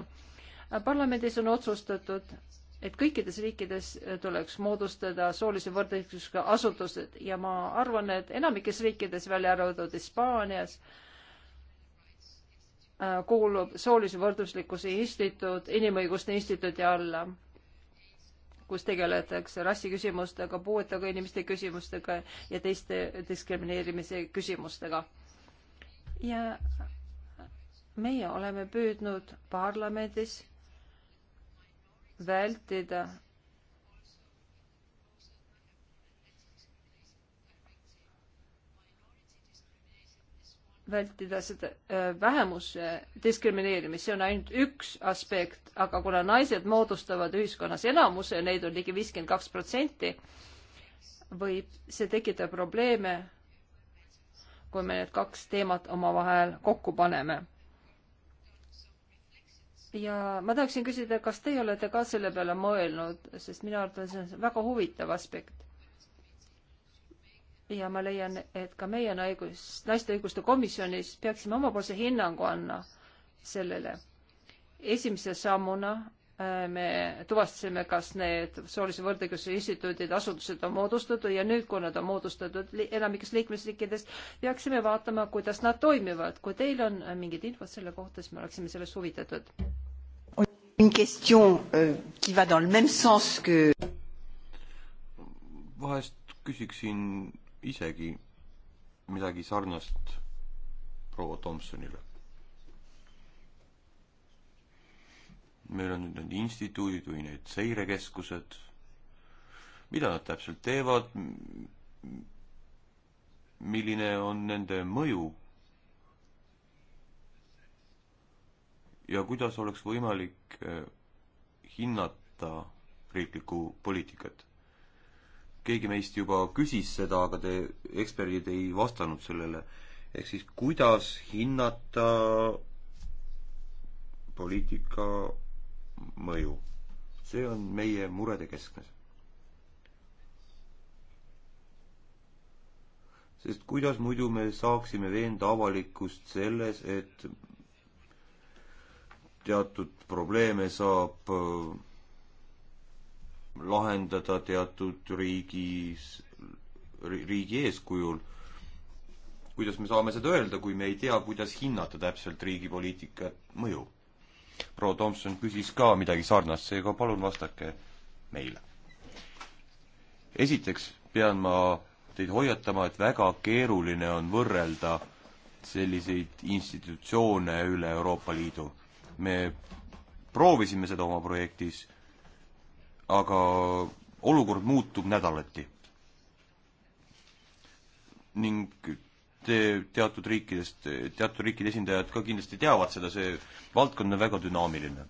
parlamendis on otsustatud, et kõikides riikides äh, tuleks moodustada soolise võrdõigusega asutused ja ma arvan, et enamikes riikides, välja arvatud Hispaanias, äh, kuulub soolise võrdõiguslikkuse instituut Inimõiguste Instituudi alla, kus tegeletakse rassiküsimustega, puuetega inimeste küsimustega ja teiste diskrimineerimise küsimustega. ja meie oleme püüdnud parlamendis vältida vältida seda äh, vähemuse diskrimineerimist, see on ainult üks aspekt, aga kuna naised moodustavad ühiskonnas enamuse, neid on ligi viiskümmend kaks protsenti, võib see tekitada probleeme, kui me need kaks teemat omavahel kokku paneme ja ma tahaksin küsida, kas teie olete ka selle peale mõelnud, sest minu arvates on see väga huvitav aspekt. ja ma leian, et ka meie naigus, naiste õiguste komisjonis peaksime omapoolse hinnangu andma sellele. esimese sammuna me tuvastasime, kas need soolise võrdõiguse instituudid, asutused on moodustatud ja nüüd, kui nad on moodustatud li enamikes liikmesriikides, peaksime vaatama, kuidas nad toimivad. kui teil on äh, mingit infot selle kohta, siis me oleksime sellest huvitatud. Euh, vahest küsiksin isegi midagi sarnast proua Tomsonile meil on nüüd need instituudid või need seirekeskused, mida nad täpselt teevad, milline on nende mõju ja kuidas oleks võimalik eh, hinnata riiklikku poliitikat? keegi meist juba küsis seda, aga te, eksperdid, ei vastanud sellele. ehk siis, kuidas hinnata poliitika mõju. see on meie murede keskmes. sest kuidas muidu me saaksime veenda avalikkust selles, et teatud probleeme saab äh, lahendada teatud riigis, riigi eeskujul kuidas me saame seda öelda, kui me ei tea, kuidas hinnata täpselt riigi poliitika mõju? proua Tomson küsis ka midagi sarnast, seega palun vastake meile. esiteks pean ma teid hoiatama, et väga keeruline on võrrelda selliseid institutsioone üle Euroopa Liidu. me proovisime seda oma projektis, aga olukord muutub nädalati. ning te teatud riikidest, teatud riikide esindajad ka kindlasti teavad seda, see valdkond on väga dünaamiline.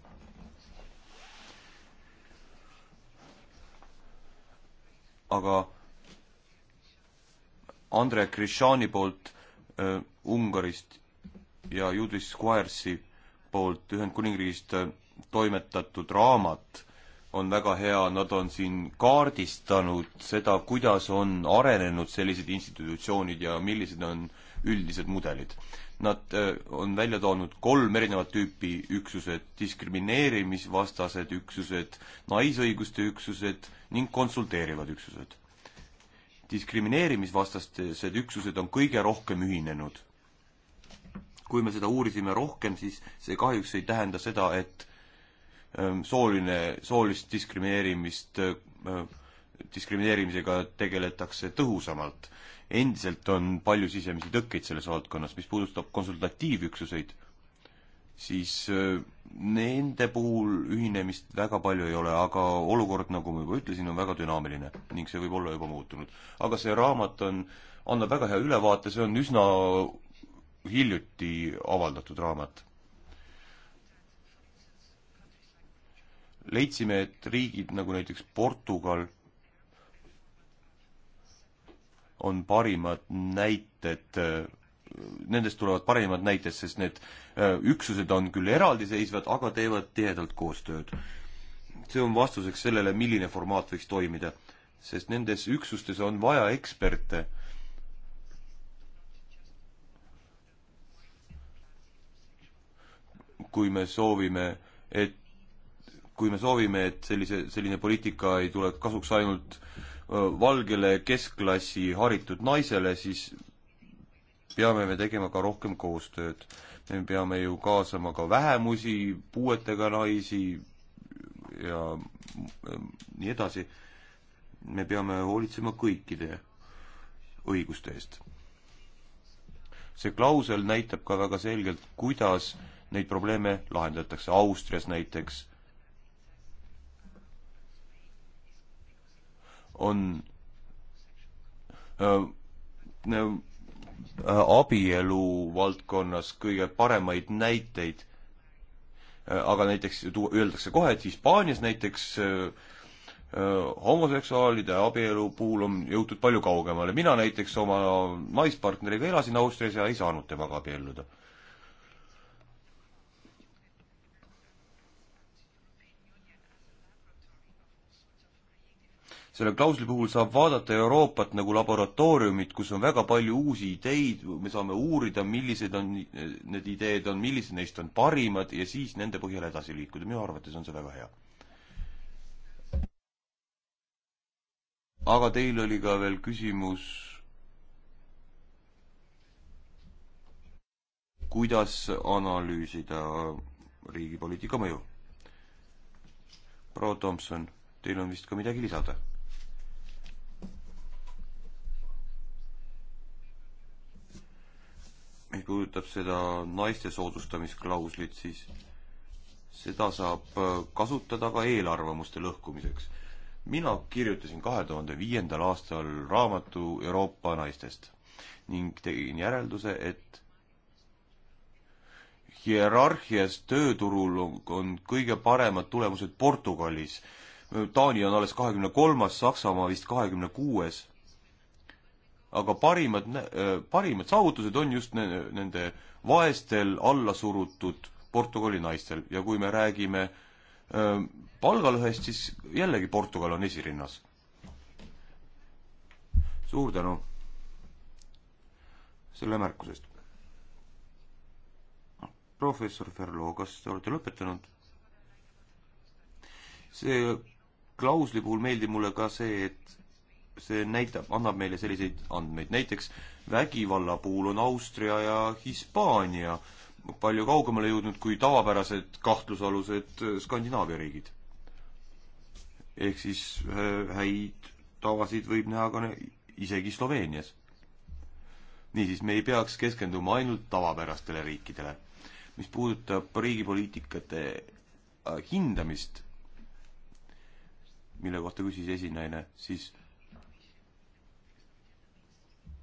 aga Andre Krishani poolt äh, Ungarist ja Judith Squiresi poolt Ühendkuningriigist äh, toimetatud raamat on väga hea, nad on siin kaardistanud seda, kuidas on arenenud sellised institutsioonid ja millised on üldised mudelid. Nad äh, on välja toonud kolm erinevat tüüpi üksused, diskrimineerimisvastased üksused, naisõiguste üksused ning konsulteerivad üksused. diskrimineerimisvastased üksused on kõige rohkem ühinenud. kui me seda uurisime rohkem, siis see kahjuks ei tähenda seda, et sooline, soolist diskrimineerimist, diskrimineerimisega tegeletakse tõhusamalt. endiselt on palju sisemisi tõkkeid selles valdkonnas, mis puudutab konsultatiivüksuseid, siis nende puhul ühinemist väga palju ei ole, aga olukord, nagu ma juba ütlesin, on väga dünaamiline ning see võib olla juba muutunud. aga see raamat on, annab väga hea ülevaate, see on üsna hiljuti avaldatud raamat leidsime, et riigid nagu näiteks Portugal on parimad näited, nendest tulevad parimad näited, sest need äh, üksused on küll eraldiseisvad, aga teevad tihedalt koostööd. see on vastuseks sellele, milline formaat võiks toimida, sest nendes üksustes on vaja eksperte. kui me soovime, et kui me soovime, et sellise, selline poliitika ei tule kasuks ainult valgele keskklassi haritud naisele, siis peame me tegema ka rohkem koostööd. me peame ju kaasama ka vähemusi, puuetega naisi ja nii edasi. me peame hoolitsema kõikide õiguste eest. see klausel näitab ka väga selgelt, kuidas neid probleeme lahendatakse. Austrias näiteks on äh, äh, abielu valdkonnas kõige paremaid näiteid. Äh, aga näiteks öeldakse kohe, et Hispaanias näiteks homoseksuaalide abielu puhul on jõutud palju kaugemale. mina näiteks oma naispartneriga elasin Austrias ja ei saanud temaga abielluda selle klausli puhul saab vaadata Euroopat nagu laboratooriumit, kus on väga palju uusi ideid, me saame uurida, millised on need ideed on, millised neist on parimad ja siis nende põhjal edasi liikuda, minu arvates on see väga hea. aga teil oli ka veel küsimus, kuidas analüüsida riigi poliitika mõju? proua Tomson, teil on vist ka midagi lisada? mis puudutab seda naiste soodustamisklauslit, siis seda saab äh, kasutada ka eelarvamuste lõhkumiseks. mina kirjutasin kahe tuhande viiendal aastal raamatu Euroopa naistest ning tegin järelduse, et hierarhias tööturul on, on kõige paremad tulemused Portugalis. Taani on alles kahekümne kolmas, Saksamaa vist kahekümne kuues aga parimad, parimad saavutused on just nende vaestel alla surutud Portugali naistel ja kui me räägime palgalõhest, siis jällegi Portugal on esirinnas. suur tänu selle märkusest. professor Ferlo, kas te olete lõpetanud? see klausli puhul meeldib mulle ka see, et see näitab, annab meile selliseid andmeid, näiteks vägivalla puhul on Austria ja Hispaania palju kaugemale jõudnud kui tavapärased kahtlusalused Skandinaavia riigid. ehk siis häid tavasid võib näha ka isegi Sloveenias. niisiis, me ei peaks keskenduma ainult tavapärastele riikidele. mis puudutab riigipoliitikate äh, hindamist, mille kohta küsis esinaine, siis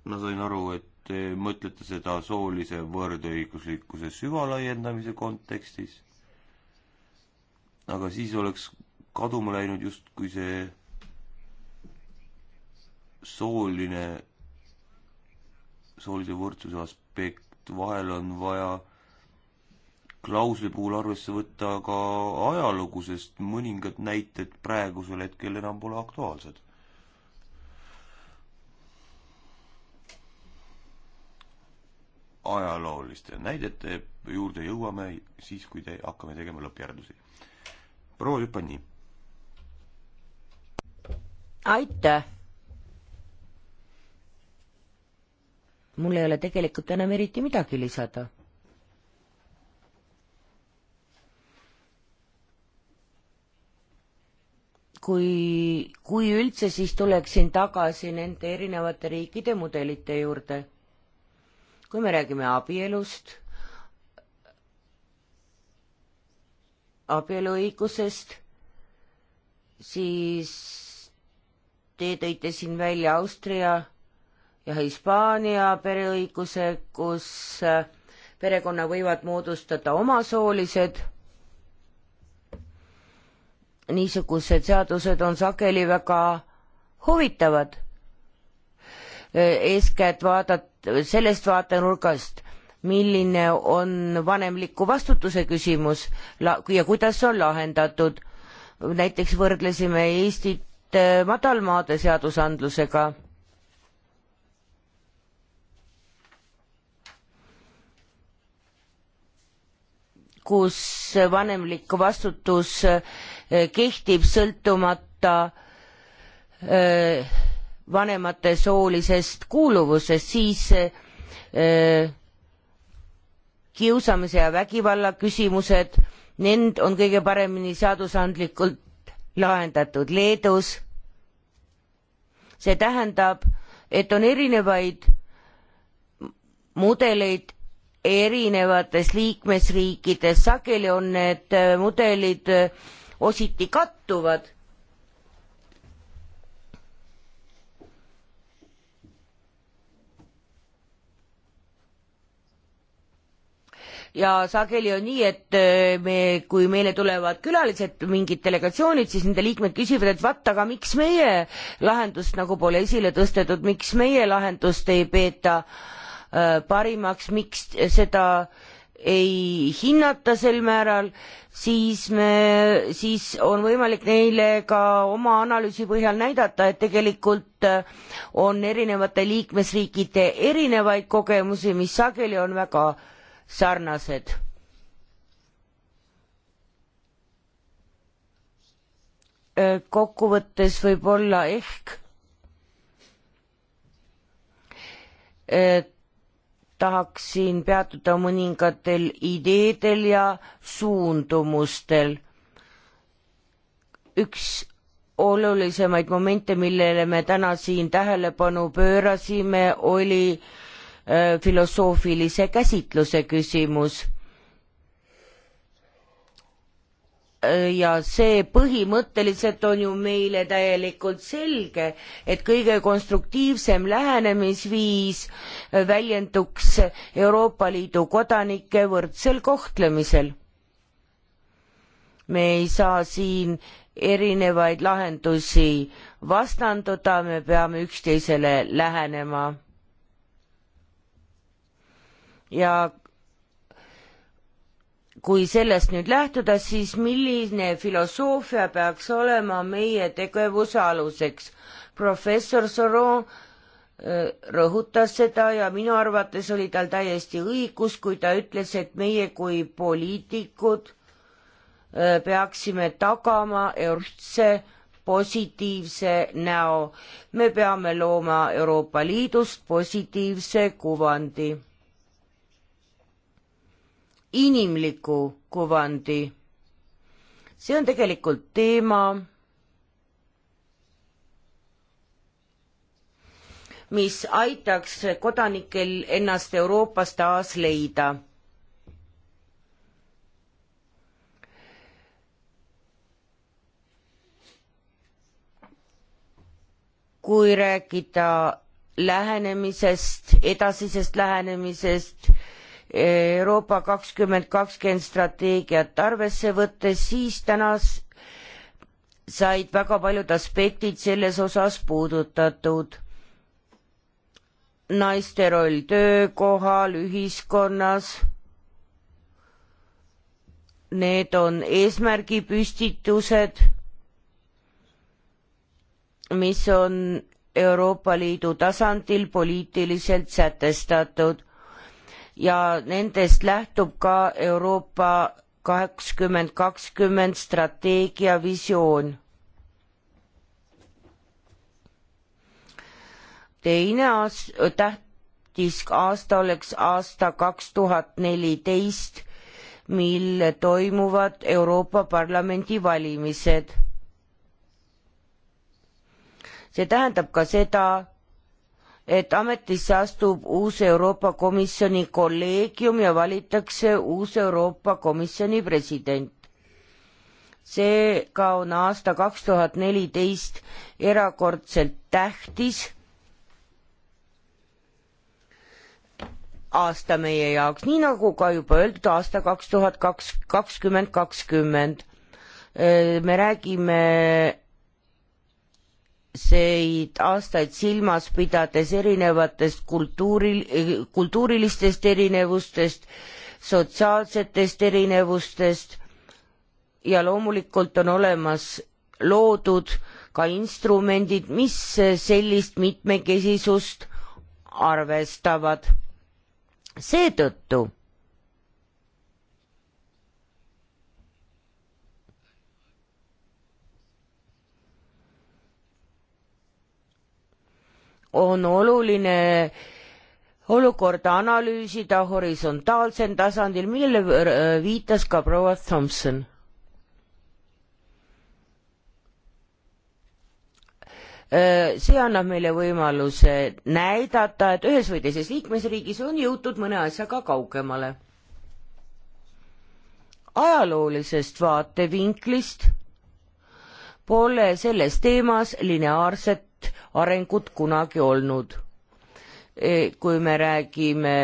ma sain aru, et te mõtlete seda soolise võrdõiguslikkuse süvalaiendamise kontekstis, aga siis oleks kaduma läinud justkui see sooline, soolise võrdsuse aspekt, vahel on vaja klausli puhul arvesse võtta ka ajalugu, sest mõningad näited praegusel hetkel enam pole aktuaalsed ajalooliste näidete juurde jõuame siis, kui te hakkame tegema lõppjäreldusi. proua Jüpani. aitäh. mul ei ole tegelikult enam eriti midagi lisada. kui, kui üldse, siis tuleksin tagasi nende erinevate riikide mudelite juurde kui me räägime abielust, abieluõigusest, siis te tõite siin välja Austria ja Hispaania pereõiguse, kus äh, perekonna võivad moodustada omasoolised. niisugused seadused on sageli väga huvitavad. Äh, eeskätt vaadata sellest vaatenurgast, milline on vanemliku vastutuse küsimus ja kuidas see on lahendatud. näiteks võrdlesime Eestit äh, madalmaade seadusandlusega. kus vanemlik vastutus äh, kehtib sõltumata öö, äh, vanemate soolisest kuuluvusest, siis öö, eh, kiusamise ja vägivalla küsimused, need on kõige paremini seadusandlikult lahendatud Leedus. see tähendab, et on erinevaid mudeleid erinevates liikmesriikides, sageli on need mudelid eh, ositi kattuvad ja sageli on nii, et äh, me, kui meile tulevad külalised, mingid delegatsioonid, siis nende liikmed küsivad, et vaat aga miks meie lahendust nagu pole esile tõstetud, miks meie lahendust ei peeta äh, parimaks, miks seda ei hinnata sel määral, siis me, siis on võimalik neile ka oma analüüsi põhjal näidata, et tegelikult äh, on erinevate liikmesriikide erinevaid kogemusi, mis sageli on väga sarnased. kokkuvõttes võib olla ehk eh, tahaksin peatuda mõningatel ideedel ja suundumustel. üks olulisemaid momente, millele me täna siin tähelepanu pöörasime, oli äh, Äh, filosoofilise käsitluse küsimus. Äh, ja see põhimõtteliselt on ju meile täielikult selge, et kõige konstruktiivsem lähenemisviis äh, väljenduks Euroopa Liidu kodanike võrdsel kohtlemisel. me ei saa siin erinevaid lahendusi vastanduda, me peame üksteisele lähenema ja kui sellest nüüd lähtuda, siis milline filosoofia peaks olema meie tegevuse aluseks? professor Soron äh, rõhutas seda ja minu arvates oli tal täiesti õigus, kui ta ütles, et meie kui poliitikud äh, peaksime tagama ühtse positiivse näo. me peame looma Euroopa Liidust positiivse kuvandi inimliku kuvandi. see on tegelikult teema, mis aitaks kodanikel ennast Euroopas taas leida. kui rääkida lähenemisest, edasisest lähenemisest Euroopa kakskümmend kakskümmend strateegiat arvesse võttes, siis tänas said väga paljud aspektid selles osas puudutatud. naiste roll töökohal, ühiskonnas, need on eesmärgipüstitused, mis on Euroopa Liidu tasandil poliitiliselt sätestatud ja nendest lähtub ka Euroopa kakskümmend kakskümmend strateegia visioon. teine aas-, tähtis aasta oleks aasta kaks tuhat neliteist, mil toimuvad Euroopa Parlamendi valimised. see tähendab ka seda, et ametisse astub uus Euroopa Komisjoni kolleegium ja valitakse uus Euroopa Komisjoni president. seega on aasta kaks tuhat neliteist erakordselt tähtis aasta meie jaoks, nii nagu ka juba öeldud, aasta kaks tuhat kaks, kakskümmend kakskümmend. me räägime seid aastaid silmas pidades erinevatest kultuuril, kultuurilistest erinevustest, sotsiaalsetest erinevustest ja loomulikult on olemas loodud ka instrumendid, mis sellist mitmekesisust arvestavad. seetõttu on oluline olukorda analüüsida horisontaalsel tasandil, millele äh, viitas ka proua Thompson. Äh, see annab meile võimaluse näidata, et ühes või teises liikmesriigis on jõutud mõne asjaga kaugemale. ajaloolisest vaatevinklist pole selles teemas lineaarset arengut kunagi olnud. E, kui me räägime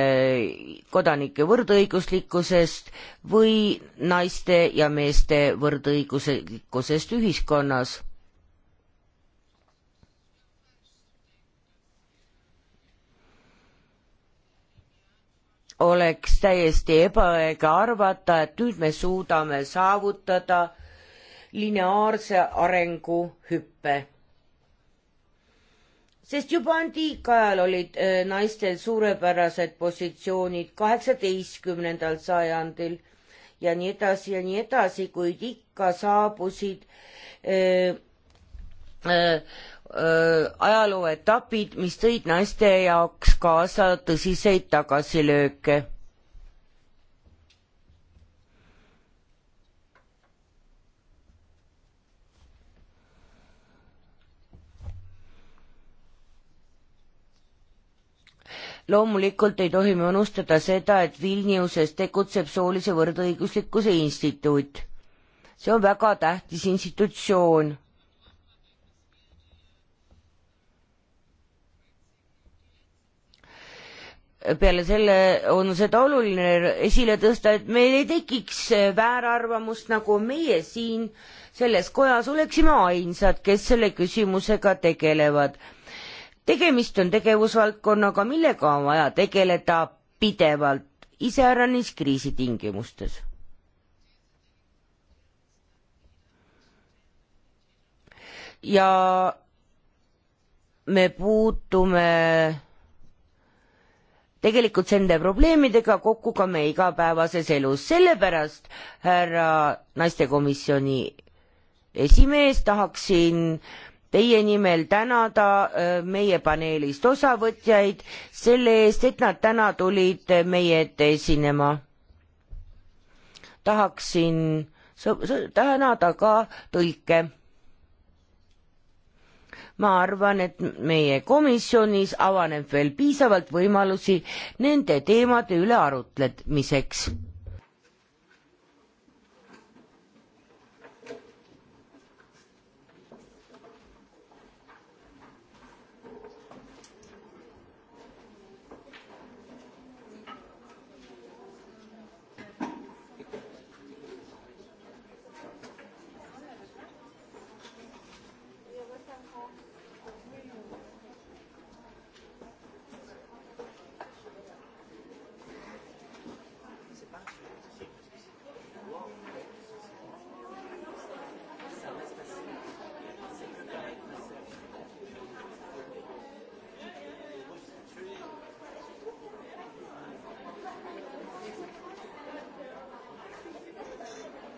kodanike võrdõiguslikkusest või naiste ja meeste võrdõiguslikkusest ühiskonnas oleks täiesti ebaõige arvata, et nüüd me suudame saavutada lineaarse arengu hüppe sest juba antiikajal olid äh, naistel suurepärased positsioonid kaheksateistkümnendal sajandil ja nii edasi ja nii edasi, kuid ikka saabusid öö, äh, öö, äh, ajalooetapid, mis tõid naiste jaoks kaasa tõsiseid tagasilööke loomulikult ei tohi me unustada seda, et Vilniuses tegutseb soolise võrdõiguslikkuse instituut. see on väga tähtis institutsioon. peale selle on seda oluline esile tõsta, et meil ei tekiks väärarvamust, nagu meie siin selles kojas oleksime ainsad, kes selle küsimusega tegelevad tegemist on tegevusvaldkonnaga, millega on vaja tegeleda pidevalt, iseäranis kriisitingimustes. ja me puutume tegelikult nende probleemidega kokku ka meie igapäevases elus, sellepärast härra naistekomisjoni esimees tahaksin äh, teie nimel tänada äh, meie paneelist osavõtjaid selle eest, et nad täna tulid äh, meie ette esinema. tahaksin tänada ka tõlke. ma arvan, et meie komisjonis avaneb veel piisavalt võimalusi nende teemade üle arutlemiseks